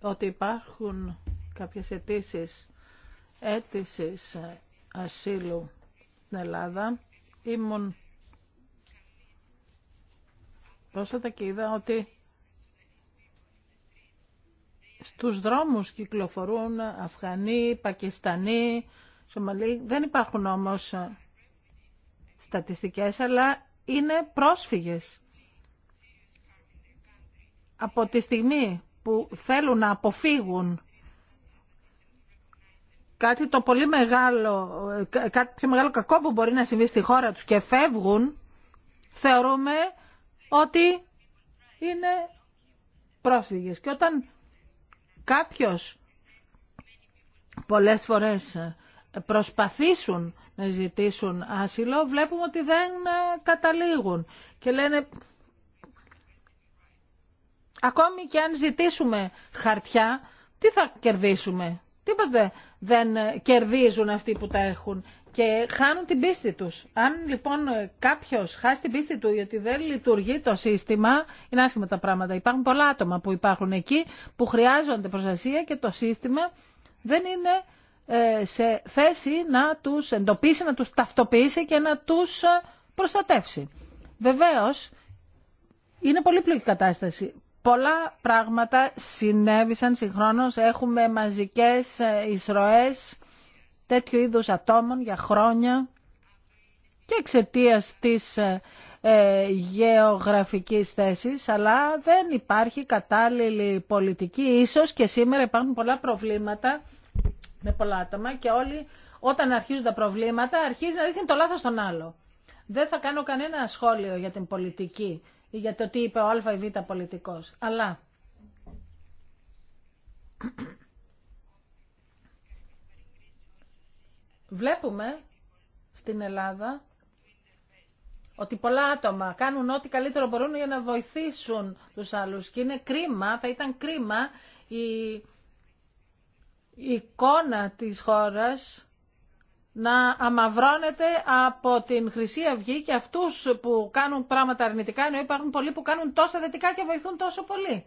ότι υπάρχουν κάποιες αιτήσει αίτησης ασύλου στην Ελλάδα ήμουν πρόσφατα και είδα ότι στους δρόμους κυκλοφορούν Αφγανοί, Πακιστανοί, Σομαλοί. Δεν υπάρχουν όμως στατιστικές, αλλά είναι πρόσφυγες. Από τη στιγμή που θέλουν να αποφύγουν κάτι το πολύ μεγάλο, κάτι πιο μεγάλο κακό που μπορεί να συμβεί στη χώρα τους και φεύγουν, θεωρούμε ότι είναι πρόσφυγες. Και όταν κάποιος πολλές φορές προσπαθήσουν να ζητήσουν άσυλο, βλέπουμε ότι δεν ε, καταλήγουν. Και λένε, ακόμη και αν ζητήσουμε χαρτιά, τι θα κερδίσουμε. Τίποτε δεν ε, κερδίζουν αυτοί που τα έχουν και χάνουν την πίστη τους. Αν λοιπόν ε, κάποιος χάσει την πίστη του γιατί δεν λειτουργεί το σύστημα, είναι άσχημα τα πράγματα. Υπάρχουν πολλά άτομα που υπάρχουν εκεί που χρειάζονται προστασία και το σύστημα δεν είναι ε, σε θέση να τους εντοπίσει, να τους ταυτοποιήσει και να τους προστατεύσει. Βεβαίως, είναι πολύπλοκη κατάσταση. Πολλά πράγματα συνέβησαν συγχρόνως. Έχουμε μαζικές ε, εισρωές τέτοιου είδους ατόμων για χρόνια και εξαιτία της ε, ε, γεωγραφικής θέσης, αλλά δεν υπάρχει κατάλληλη πολιτική. Ίσως και σήμερα υπάρχουν πολλά προβλήματα με πολλά άτομα και όλοι όταν αρχίζουν τα προβλήματα αρχίζει να δείχνει το λάθος στον άλλο. Δεν θα κάνω κανένα σχόλιο για την πολιτική για το τι είπε ο Α ή Β πολιτικός. Αλλά βλέπουμε στην Ελλάδα ότι πολλά άτομα κάνουν ό,τι καλύτερο μπορούν για να βοηθήσουν τους άλλους. Και είναι κρίμα, θα ήταν κρίμα η, η εικόνα της χώρας να αμαυρώνεται από την Χρυσή Αυγή και αυτούς που κάνουν πράγματα αρνητικά, ενώ υπάρχουν πολλοί που κάνουν τόσα θετικά και βοηθούν τόσο πολύ.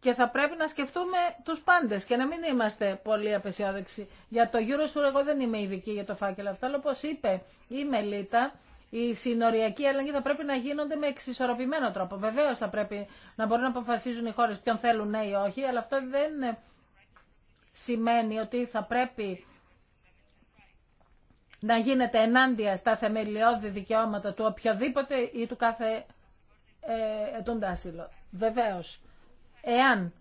Και θα πρέπει να σκεφτούμε του πάντε. και να μην είμαστε πολύ απεσιόδοξοι. Για το σου εγώ δεν είμαι ειδική για το φάκελο αυτό, αλλά όπω είπε η Μελίτα, οι συνοριακοί έλεγχοι θα πρέπει να γίνονται με εξισορροπημένο τρόπο. Βεβαίω θα πρέπει να μπορούν να αποφασίζουν οι χώρε ποιον θέλουν ναι ή όχι, αλλά αυτό δεν είναι σημαίνει ότι θα πρέπει να γίνεται ενάντια στα θεμελιώδη δικαιώματα του οποιοδήποτε ή του κάθε ε, ετούντα άσυλο. Βεβαίως, εάν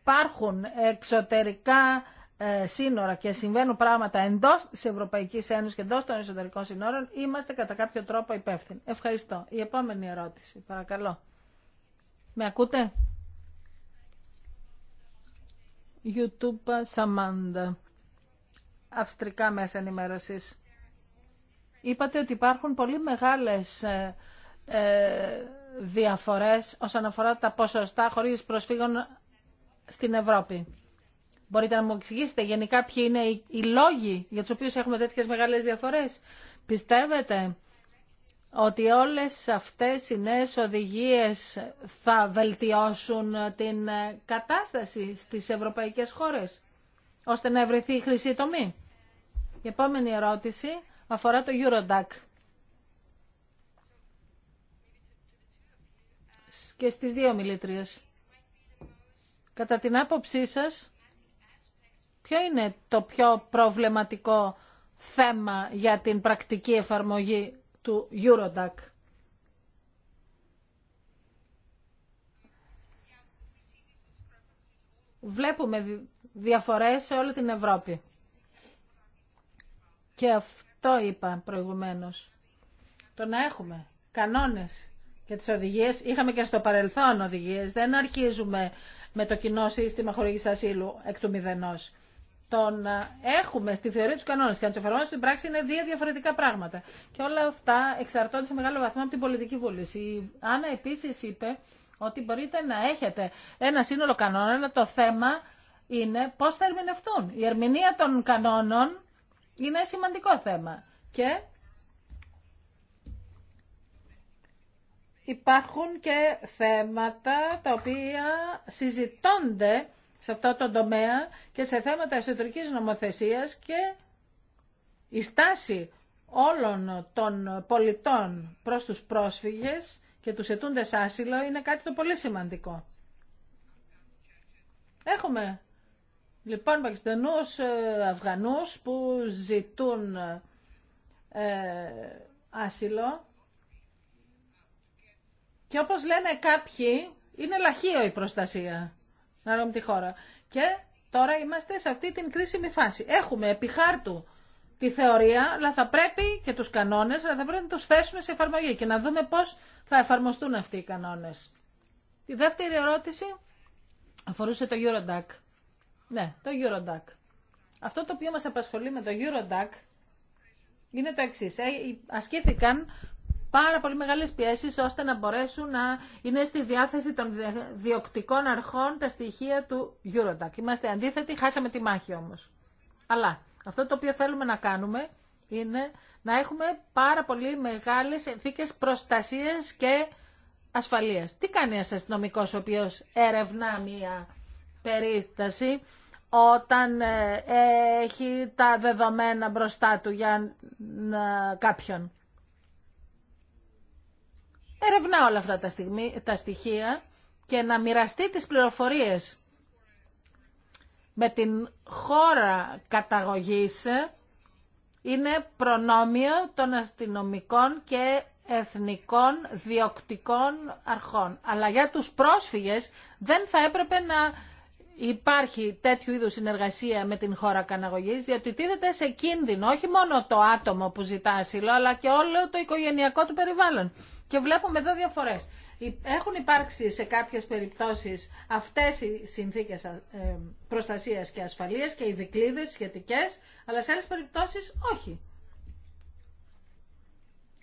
υπάρχουν εξωτερικά ε, σύνορα και συμβαίνουν πράγματα εντό της Ευρωπαϊκής Ένωσης και εντό των εσωτερικών σύνορων, είμαστε κατά κάποιο τρόπο υπεύθυνοι. Ευχαριστώ. Η επόμενη ερώτηση, παρακαλώ. Με ακούτε? YouTube Samanda. Αυστρικά μέσα ενημέρωσης. Είπατε ότι υπάρχουν πολύ μεγάλες ε, ε, διαφορές όσον αφορά τα ποσοστά χωρίς προσφύγων στην Ευρώπη. Μπορείτε να μου εξηγήσετε γενικά ποιοι είναι οι λόγοι για τους οποίους έχουμε τέτοιες μεγάλες διαφορές. Πιστεύετε ότι όλες αυτές οι νέες οδηγίες θα βελτιώσουν την ε, κατάσταση στις ευρωπαϊκές χώρες, ώστε να ευρεθεί η χρυσή τομή. Η επόμενη ερώτηση αφορά το Eurodac. Και στις δύο μιλήτριες. Κατά την άποψή σας, Ποιο είναι το πιο προβληματικό θέμα για την πρακτική εφαρμογή του Eurodac. Βλέπουμε διαφορές σε όλη την Ευρώπη. Και αυτό είπα προηγουμένως. Το να έχουμε κανόνες και τις οδηγίες. Είχαμε και στο παρελθόν οδηγίες. Δεν αρχίζουμε με το κοινό σύστημα χορηγής ασύλου εκ του μηδενός το να ε, έχουμε στη θεωρία του κανόνε και να του εφαρμόσουμε στην πράξη είναι δύο διαφορετικά πράγματα. Και όλα αυτά εξαρτώνται σε μεγάλο βαθμό από την πολιτική βούληση. Η Άννα επίση είπε ότι μπορείτε να έχετε ένα σύνολο κανόνων, αλλά το θέμα είναι πώ θα ερμηνευτούν. Η ερμηνεία των κανόνων είναι σημαντικό θέμα. Και υπάρχουν και θέματα τα οποία συζητώνται σε αυτό το τομέα και σε θέματα εσωτερικής νομοθεσίας και η στάση όλων των πολιτών προς τους πρόσφυγες και τους ετούντες άσυλο είναι κάτι το πολύ σημαντικό. Έχουμε λοιπόν Πακιστανούς, ε, Αφγανούς που ζητούν ε, άσυλο και όπως λένε κάποιοι είναι λαχείο η προστασία τη χώρα. Και τώρα είμαστε σε αυτή την κρίσιμη φάση. Έχουμε επί χάρτου τη θεωρία, αλλά θα πρέπει και τους κανόνες, αλλά θα πρέπει να τους θέσουμε σε εφαρμογή και να δούμε πώς θα εφαρμοστούν αυτοί οι κανόνες. Η δεύτερη ερώτηση αφορούσε το Eurodac. Ναι, το Eurodac. Αυτό το οποίο μας απασχολεί με το Eurodac είναι το εξής. Ε, ασκήθηκαν πάρα πολύ μεγάλες πιέσεις ώστε να μπορέσουν να είναι στη διάθεση των διοκτικών αρχών τα στοιχεία του Eurodac. Είμαστε αντίθετοι, χάσαμε τη μάχη όμως. Αλλά αυτό το οποίο θέλουμε να κάνουμε είναι να έχουμε πάρα πολύ μεγάλες συνθήκε προστασίας και ασφαλείας. Τι κάνει ένας αστυνομικός ο οποίος ερευνά μία περίσταση όταν ε, έχει τα δεδομένα μπροστά του για ε, κάποιον ερευνά όλα αυτά τα, τα στοιχεία και να μοιραστεί τις πληροφορίες με την χώρα καταγωγής είναι προνόμιο των αστυνομικών και εθνικών διοκτικών αρχών. Αλλά για τους πρόσφυγες δεν θα έπρεπε να υπάρχει τέτοιου είδους συνεργασία με την χώρα καταγωγής διότι τίθεται σε κίνδυνο όχι μόνο το άτομο που ζητά ασύλο, αλλά και όλο το οικογενειακό του περιβάλλον. Και βλέπουμε εδώ διαφορές. Έχουν υπάρξει σε κάποιες περιπτώσεις αυτές οι συνθήκες ε, προστασίας και ασφαλεία και οι δικλείδε σχετικές, αλλά σε άλλες περιπτώσεις όχι.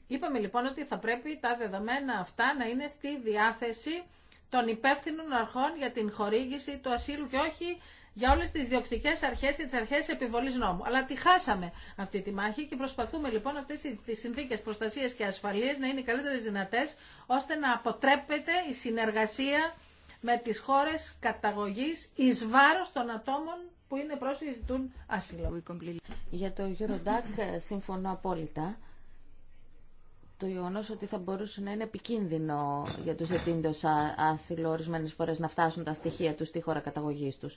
Είπαμε λοιπόν ότι θα πρέπει τα δεδομένα αυτά να είναι στη διάθεση των υπεύθυνων αρχών για την χορήγηση του ασύλου και όχι για όλες τις διοκτικές αρχές και τις αρχές επιβολής νόμου. Αλλά τη χάσαμε αυτή τη μάχη και προσπαθούμε λοιπόν αυτές τις συνθήκες προστασίας και ασφαλείας να είναι οι καλύτερες δυνατές ώστε να αποτρέπεται η συνεργασία με τις χώρες καταγωγής εις βάρος των ατόμων που είναι πρόσφυγες ζητούν άσυλο. Για το Eurodac συμφωνώ απόλυτα. Το γεγονό ότι θα μπορούσε να είναι επικίνδυνο για τους αιτήντες άσυλο ορισμένες φορές να φτάσουν τα στοιχεία τους στη χώρα καταγωγή του.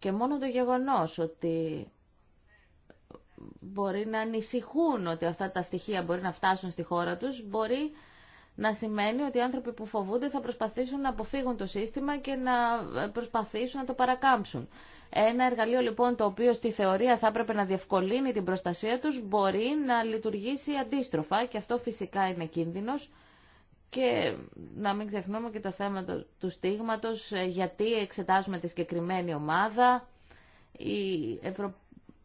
Και μόνο το γεγονός ότι μπορεί να ανησυχούν ότι αυτά τα στοιχεία μπορεί να φτάσουν στη χώρα τους, μπορεί να σημαίνει ότι οι άνθρωποι που φοβούνται θα προσπαθήσουν να αποφύγουν το σύστημα και να προσπαθήσουν να το παρακάμψουν. Ένα εργαλείο λοιπόν το οποίο στη θεωρία θα έπρεπε να διευκολύνει την προστασία τους μπορεί να λειτουργήσει αντίστροφα και αυτό φυσικά είναι κίνδυνος και να μην ξεχνούμε και το θέμα του στίγματος, ε, γιατί εξετάζουμε τη συγκεκριμένη ομάδα. Η Ευρω...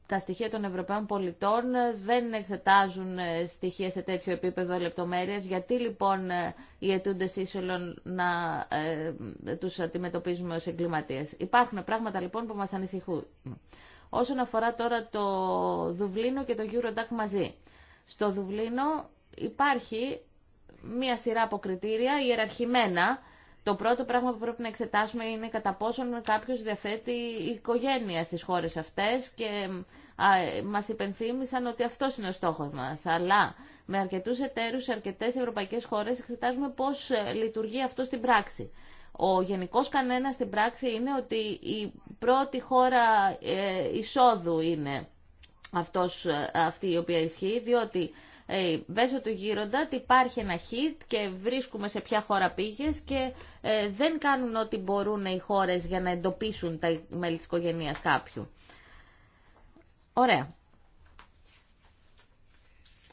Τα στοιχεία των Ευρωπαίων πολιτών ε, δεν εξετάζουν ε, στοιχεία σε τέτοιο επίπεδο λεπτομέρειας. Γιατί λοιπόν οι αιτούντες ίσολων να ε, τους αντιμετωπίζουμε ως εγκληματίες. Υπάρχουν πράγματα λοιπόν που μας ανησυχούν. Όσον αφορά τώρα το Δουβλίνο και το Eurodac μαζί. Στο Δουβλίνο υπάρχει μία σειρά από κριτήρια ιεραρχημένα. Το πρώτο πράγμα που πρέπει να εξετάσουμε είναι κατά πόσον κάποιος διαθέτει οικογένεια στις χώρες αυτές και μας υπενθύμησαν ότι αυτό είναι ο στόχος μας. Αλλά με αρκετούς εταίρους σε αρκετές ευρωπαϊκές χώρες εξετάζουμε πώς ε, λειτουργεί αυτό στην πράξη. Ο γενικός κανένας στην πράξη είναι ότι η πρώτη χώρα ε, εισόδου είναι αυτός, ε, αυτή η οποία ισχύει, διότι ε, μέσω του γύροντα υπάρχει ένα hit και βρίσκουμε σε ποια χώρα πήγες και ε, δεν κάνουν ό,τι μπορούν οι χώρες για να εντοπίσουν τα μέλη της οικογένειας κάποιου. Ωραία.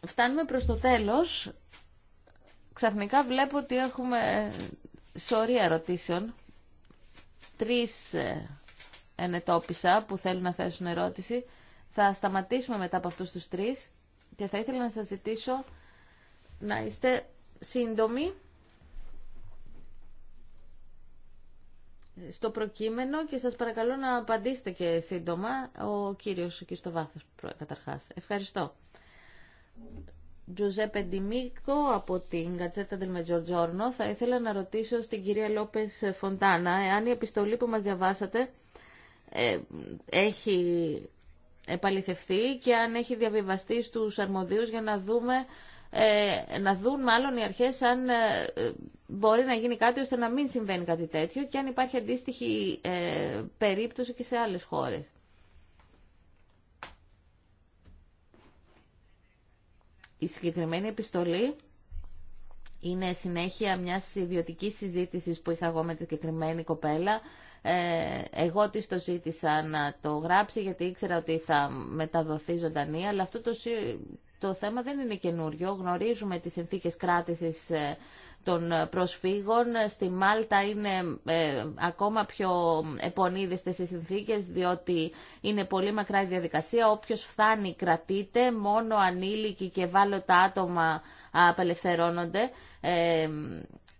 Φτάνουμε προς το τέλος. Ξαφνικά βλέπω ότι έχουμε ε, σωρία ερωτήσεων. Τρεις ε, ενετόπισα που θέλουν να θέσουν ερώτηση. Θα σταματήσουμε μετά από αυτούς τους τρεις και θα ήθελα να σας ζητήσω να είστε σύντομοι στο προκείμενο και σας παρακαλώ να απαντήσετε και σύντομα ο κύριος εκεί στο βάθος καταρχάς. Ευχαριστώ. Τζουζέπε Ντιμίκο από την Κατσέτα Τελμετζορτζόρνο θα ήθελα να ρωτήσω στην κυρία Λόπες Φοντάνα εάν η επιστολή που μας διαβάσατε ε, έχει επαληθευτεί και αν έχει διαβιβαστεί στους αρμοδίους για να δούμε ε, να δουν μάλλον οι αρχές αν ε, μπορεί να γίνει κάτι ώστε να μην συμβαίνει κάτι τέτοιο και αν υπάρχει αντίστοιχη ε, περίπτωση και σε άλλες χώρες. Η συγκεκριμένη επιστολή είναι συνέχεια μιας ιδιωτικής συζήτησης που είχα εγώ με τη συγκεκριμένη κοπέλα ε, εγώ τη το ζήτησα να το γράψει γιατί ήξερα ότι θα μεταδοθεί ζωντανή, αλλά αυτό το, το θέμα δεν είναι καινούριο. Γνωρίζουμε τις συνθήκες κράτησης ε, των προσφύγων. Στη Μάλτα είναι ε, ακόμα πιο επωνίδεστες οι συνθήκες, διότι είναι πολύ μακρά η διαδικασία. Όποιος φτάνει κρατείται, μόνο ανήλικοι και τα άτομα απελευθερώνονται.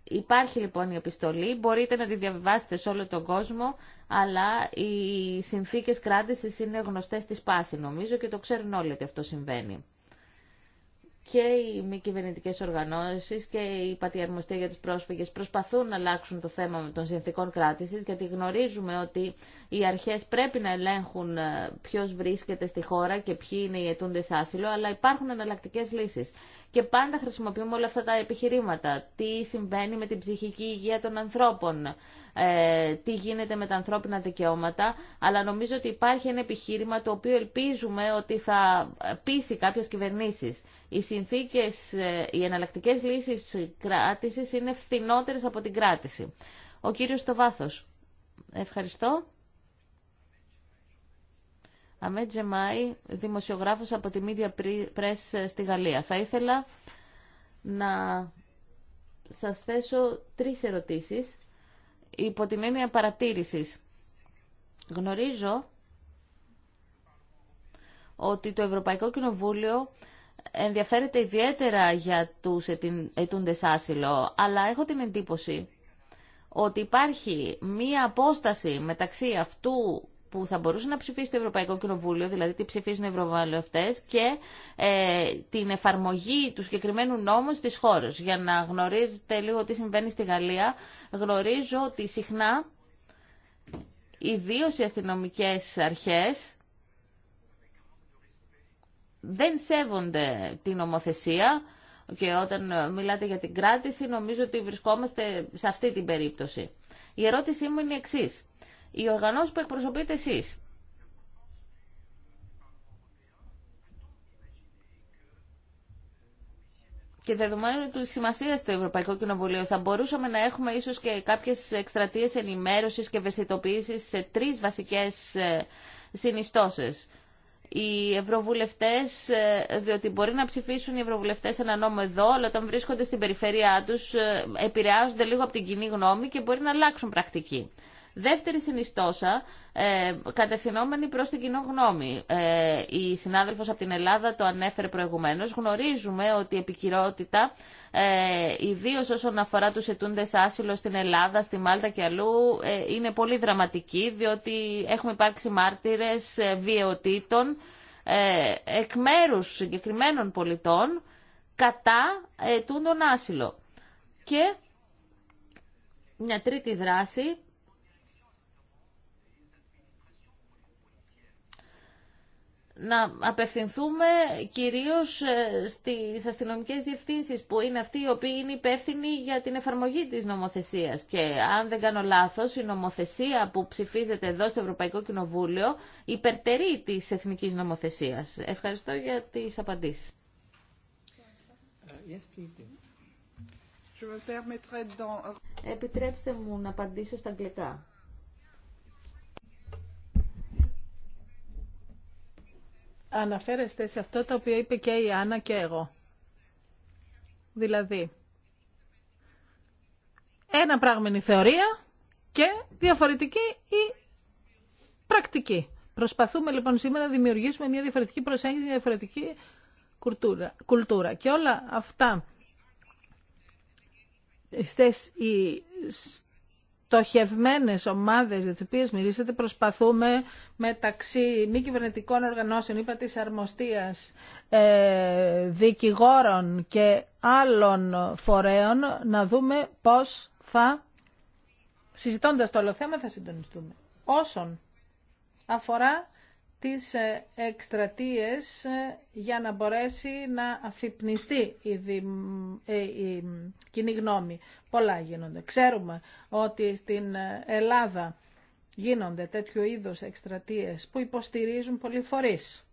Υπάρχει λοιπόν η επιστολή, μπορείτε να τη διαβιβάσετε σε όλο τον κόσμο, αλλά οι συνθήκες κράτησης είναι γνωστές στη σπάση νομίζω και το ξέρουν όλοι ότι αυτό συμβαίνει. Και οι μη κυβερνητικέ οργανώσει και η πατιαρμοστία για του πρόσφυγε προσπαθούν να αλλάξουν το θέμα των συνθήκων κράτηση, γιατί γνωρίζουμε ότι οι αρχέ πρέπει να ελέγχουν ε, ποιο βρίσκεται στη χώρα και ποιοι είναι οι αιτούντε άσυλο, αλλά υπάρχουν εναλλακτικέ λύσει. Και πάντα χρησιμοποιούμε όλα αυτά τα επιχειρήματα. Τι συμβαίνει με την ψυχική υγεία των ανθρώπων, ε, τι γίνεται με τα ανθρώπινα δικαιώματα, αλλά νομίζω ότι υπάρχει ένα επιχείρημα το οποίο ελπίζουμε ότι θα πείσει κάποιες κυβερνήσεις. Οι συνθήκες, ε, οι εναλλακτικές λύσεις κράτησης είναι φθηνότερες από την κράτηση. Ο κύριος Στοβάθος, Ευχαριστώ. Αμέτ Τζεμάη, δημοσιογράφος από τη Media Press ε, στη Γαλλία. Θα ήθελα να σας θέσω τρεις ερωτήσεις υπό την έννοια παρατήρησης. Γνωρίζω ότι το Ευρωπαϊκό Κοινοβούλιο ενδιαφέρεται ιδιαίτερα για τους ετούντες άσυλο, αλλά έχω την εντύπωση ότι υπάρχει μία απόσταση μεταξύ αυτού που θα μπορούσε να ψηφίσει το Ευρωπαϊκό Κοινοβούλιο, δηλαδή τι ψηφίζουν οι ευρωβουλευτέ και ε, την εφαρμογή του συγκεκριμένου νόμου στις χώρες. Για να γνωρίζετε λίγο τι συμβαίνει στη Γαλλία, γνωρίζω ότι συχνά οι δύο αστυνομικέ αρχές δεν σέβονται την νομοθεσία και όταν μιλάτε για την κράτηση νομίζω ότι βρισκόμαστε σε αυτή την περίπτωση. Η ερώτησή μου είναι η εξής οι οργανώσεις που εκπροσωπείτε εσεί. Και δεδομένου του σημασία στο Ευρωπαϊκού Κοινοβουλίου, θα μπορούσαμε να έχουμε ίσω και κάποιε εκστρατείε ενημέρωση και ευαισθητοποίηση σε τρει βασικέ ε, συνιστώσει. Οι ευρωβουλευτέ, ε, διότι μπορεί να ψηφίσουν οι ευρωβουλευτέ ένα νόμο εδώ, αλλά όταν βρίσκονται στην περιφέρειά του ε, επηρεάζονται λίγο από την κοινή γνώμη και μπορεί να αλλάξουν πρακτική. Δεύτερη συνιστόσα, ε, κατευθυνόμενη προς την κοινό γνώμη. Ε, η συνάδελφος από την Ελλάδα το ανέφερε προηγουμένως. Γνωρίζουμε ότι η επικυρότητα, ε, ιδίω όσον αφορά τους ετούντες άσυλο στην Ελλάδα, στη Μάλτα και αλλού, ε, είναι πολύ δραματική, διότι έχουμε υπάρξει μάρτυρες ε, βιαιοτήτων ε, εκ μέρους συγκεκριμένων πολιτών κατά ετούντων άσυλο. Και μια τρίτη δράση να απευθυνθούμε κυρίως ε, στις αστυνομικές διευθύνσεις που είναι αυτοί οι οποίοι είναι υπεύθυνοι για την εφαρμογή της νομοθεσίας και αν δεν κάνω λάθος η νομοθεσία που ψηφίζεται εδώ στο Ευρωπαϊκό Κοινοβούλιο υπερτερεί της εθνικής νομοθεσίας. Ευχαριστώ για τις απαντήσεις. Επιτρέψτε μου να απαντήσω στα αγγλικά. αναφέρεστε σε αυτό το οποίο είπε και η Άννα και εγώ. Δηλαδή, ένα πράγμα είναι η θεωρία και διαφορετική η πρακτική. Προσπαθούμε λοιπόν σήμερα να δημιουργήσουμε μια διαφορετική προσέγγιση, μια διαφορετική κουλτούρα. Και όλα αυτά, στις, στοχευμένες ομάδες για τις οποίες μιλήσατε προσπαθούμε μεταξύ μη κυβερνητικών οργανώσεων, είπα της αρμοστίας, ε, δικηγόρων και άλλων φορέων να δούμε πώς θα, συζητώντας το όλο θέμα, θα συντονιστούμε. Όσον αφορά τις ε, εκστρατείες ε, για να μπορέσει να αφυπνιστεί η, δι... Ε, η κοινή γνώμη. Πολλά γίνονται. Ξέρουμε ότι στην Ελλάδα γίνονται τέτοιου είδους εκστρατείες που υποστηρίζουν πολλοί φορείς.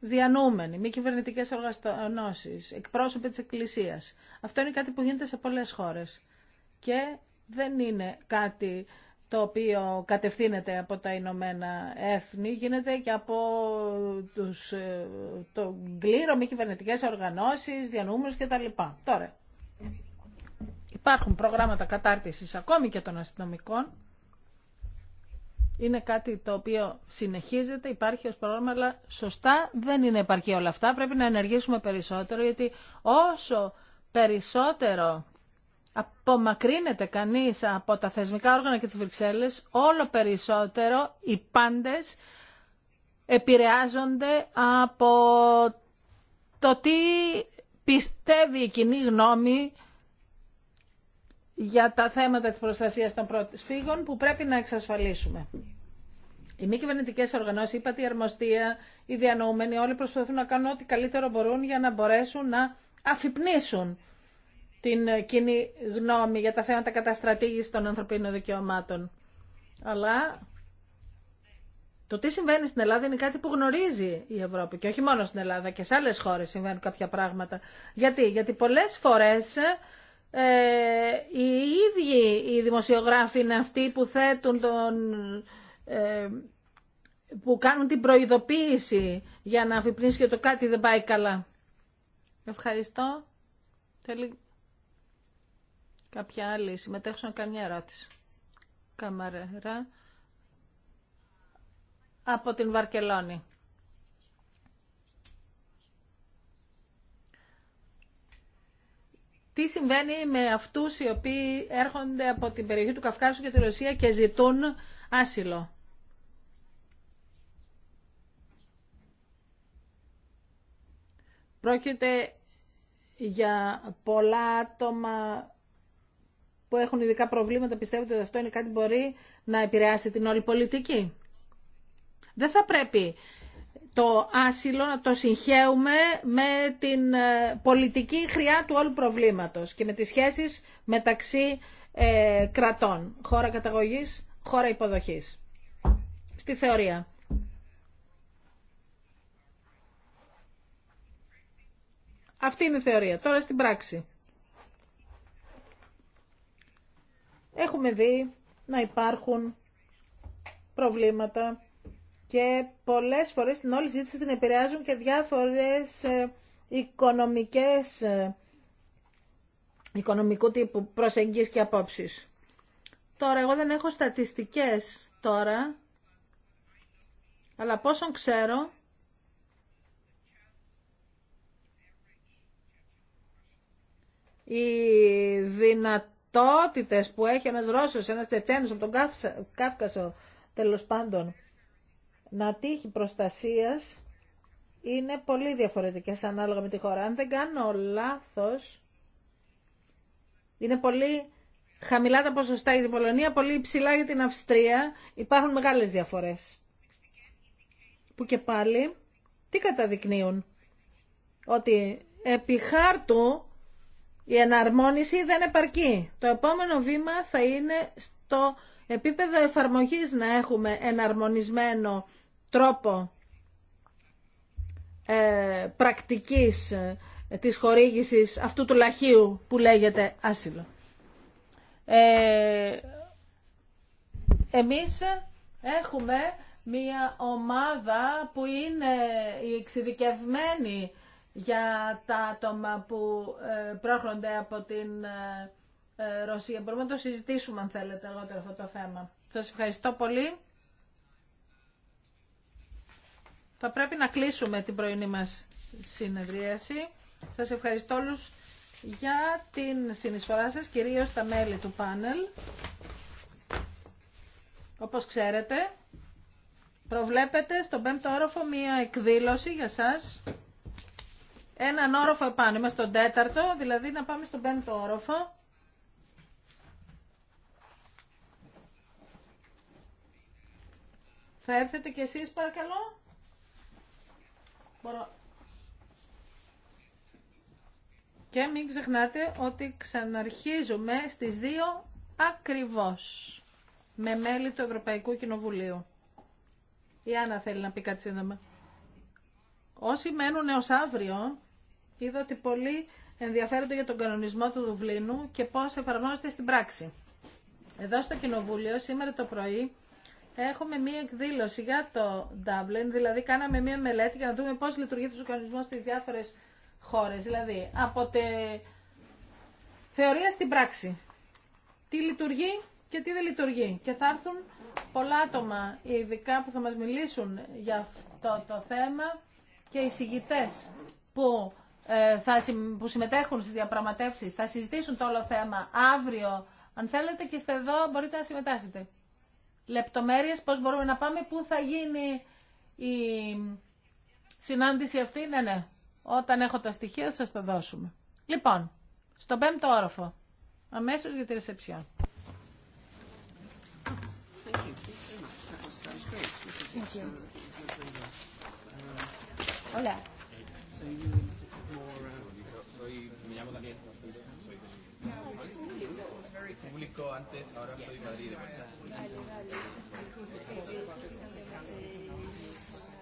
Διανούμενοι, μη κυβερνητικές οργανώσεις, εκπρόσωποι της Εκκλησίας. Αυτό είναι κάτι που γίνεται σε πολλές χώρες. Και δεν είναι κάτι το οποίο κατευθύνεται από τα Ηνωμένα Έθνη, γίνεται και από τους, ε, το γκλήρο μη κυβερνητικέ οργανώσεις, τα κτλ. Τώρα, υπάρχουν προγράμματα κατάρτισης ακόμη και των αστυνομικών. Είναι κάτι το οποίο συνεχίζεται, υπάρχει ως πρόγραμμα, αλλά σωστά δεν είναι επαρκή όλα αυτά. Πρέπει να ενεργήσουμε περισσότερο, γιατί όσο περισσότερο απομακρύνεται κανείς από τα θεσμικά όργανα και τις Βρυξέλλες, όλο περισσότερο οι πάντες επηρεάζονται από το τι πιστεύει η κοινή γνώμη για τα θέματα της προστασίας των προσφύγων που πρέπει να εξασφαλίσουμε. Οι μη κυβερνητικέ οργανώσει, η αρμοστία, οι διανοούμενοι, όλοι προσπαθούν να κάνουν ό,τι καλύτερο μπορούν για να μπορέσουν να αφυπνήσουν την κοινή γνώμη για τα θέματα καταστρατήγηση των ανθρωπίνων δικαιωμάτων. Αλλά το τι συμβαίνει στην Ελλάδα είναι κάτι που γνωρίζει η Ευρώπη και όχι μόνο στην Ελλάδα και σε άλλες χώρες συμβαίνουν κάποια πράγματα. Γιατί, Γιατί πολλές φορές ε, οι ίδιοι οι δημοσιογράφοι είναι αυτοί που θέτουν τον... Ε, που κάνουν την προειδοποίηση για να αφυπνίσει και το κάτι δεν πάει καλά. Ευχαριστώ. Θέλει Κάποια άλλη συμμετέχουσα να κάνει μια ερώτηση. Καμαρέρα. Από την Βαρκελόνη. Τι συμβαίνει με αυτούς οι οποίοι έρχονται από την περιοχή του Καυκάσου και τη Ρωσία και ζητούν άσυλο. Πρόκειται για πολλά άτομα που έχουν ειδικά προβλήματα πιστεύετε ότι αυτό είναι κάτι που μπορεί να επηρεάσει την όλη πολιτική. Δεν θα πρέπει το άσυλο να το συγχαίουμε με την ε, πολιτική χρειά του όλου προβλήματος και με τις σχέσεις μεταξύ ε, κρατών, χώρα καταγωγής, χώρα υποδοχής. Στη θεωρία. Αυτή είναι η θεωρία. Τώρα στην πράξη. έχουμε δει να υπάρχουν προβλήματα και πολλές φορές την όλη ζήτηση την επηρεάζουν και διάφορες ε, οικονομικές, ε, οικονομικού τύπου προσεγγίσεις και απόψεις. Τώρα, εγώ δεν έχω στατιστικές τώρα, αλλά πόσον ξέρω, η δυνατότητα που έχει ένας Ρώσος, ένας Τσετσένος από τον Κάφκασο, τέλος πάντων, να τύχει προστασίας, είναι πολύ διαφορετικές ανάλογα με τη χώρα. Αν δεν κάνω λάθος, είναι πολύ χαμηλά τα ποσοστά για την Πολωνία, πολύ υψηλά για την Αυστρία. Υπάρχουν μεγάλες διαφορές. Που και πάλι, τι καταδεικνύουν. Ότι επί χάρτου η εναρμόνιση δεν επαρκεί. Το επόμενο βήμα θα είναι στο επίπεδο εφαρμογής να έχουμε εναρμονισμένο τρόπο ε, πρακτικής ε, της χορήγησης αυτού του λαχείου που λέγεται άσυλο. Ε, εμείς έχουμε μία ομάδα που είναι η εξειδικευμένη για τα άτομα που ε, πρόχνονται από την ε, ε, Ρωσία. Μπορούμε να το συζητήσουμε αν θέλετε αργότερα αυτό το θέμα. Σας ευχαριστώ πολύ. Θα πρέπει να κλείσουμε την πρωινή μας συνεδρίαση. Σας ευχαριστώ όλους για την συνεισφορά σας, κυρίως τα μέλη του πάνελ. Όπως ξέρετε, προβλέπετε στον πέμπτο όροφο μία εκδήλωση για σας έναν όροφο επάνω. Είμαστε στον τέταρτο, δηλαδή να πάμε στον πέμπτο όροφο. Θα έρθετε κι εσείς παρακαλώ. Μπορώ. Και μην ξεχνάτε ότι ξαναρχίζουμε στις δύο ακριβώς με μέλη του Ευρωπαϊκού Κοινοβουλίου. Η Άννα θέλει να πει κάτι σύντομα. Όσοι μένουν έως αύριο, είδα ότι πολλοί ενδιαφέρονται για τον κανονισμό του Δουβλίνου και πώς εφαρμόζεται στην πράξη. Εδώ στο Κοινοβούλιο, σήμερα το πρωί, έχουμε μία εκδήλωση για το Dublin, δηλαδή κάναμε μία μελέτη για να δούμε πώς λειτουργεί ο κανονισμός στις διάφορες χώρες. Δηλαδή, από τη θεωρία στην πράξη. Τι λειτουργεί και τι δεν λειτουργεί. Και θα έρθουν πολλά άτομα, ειδικά που θα μας μιλήσουν για αυτό το θέμα και οι συγκητέ που, ε, που συμμετέχουν στις διαπραγματεύσεις θα συζητήσουν το όλο θέμα αύριο. Αν θέλετε και είστε εδώ μπορείτε να συμμετάσχετε. Λεπτομέρειες πώς μπορούμε να πάμε, πού θα γίνει η συνάντηση αυτή. Ναι, ναι. Όταν έχω τα στοιχεία θα σας τα δώσουμε. Λοιπόν, στον πέμπτο όροφο. Αμέσως για τη ρεσεψιόν. Thank you. Hola. Soy, soy, me llamo Daniel, soy público antes, ahora estoy en Madrid.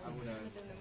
Alguna vez.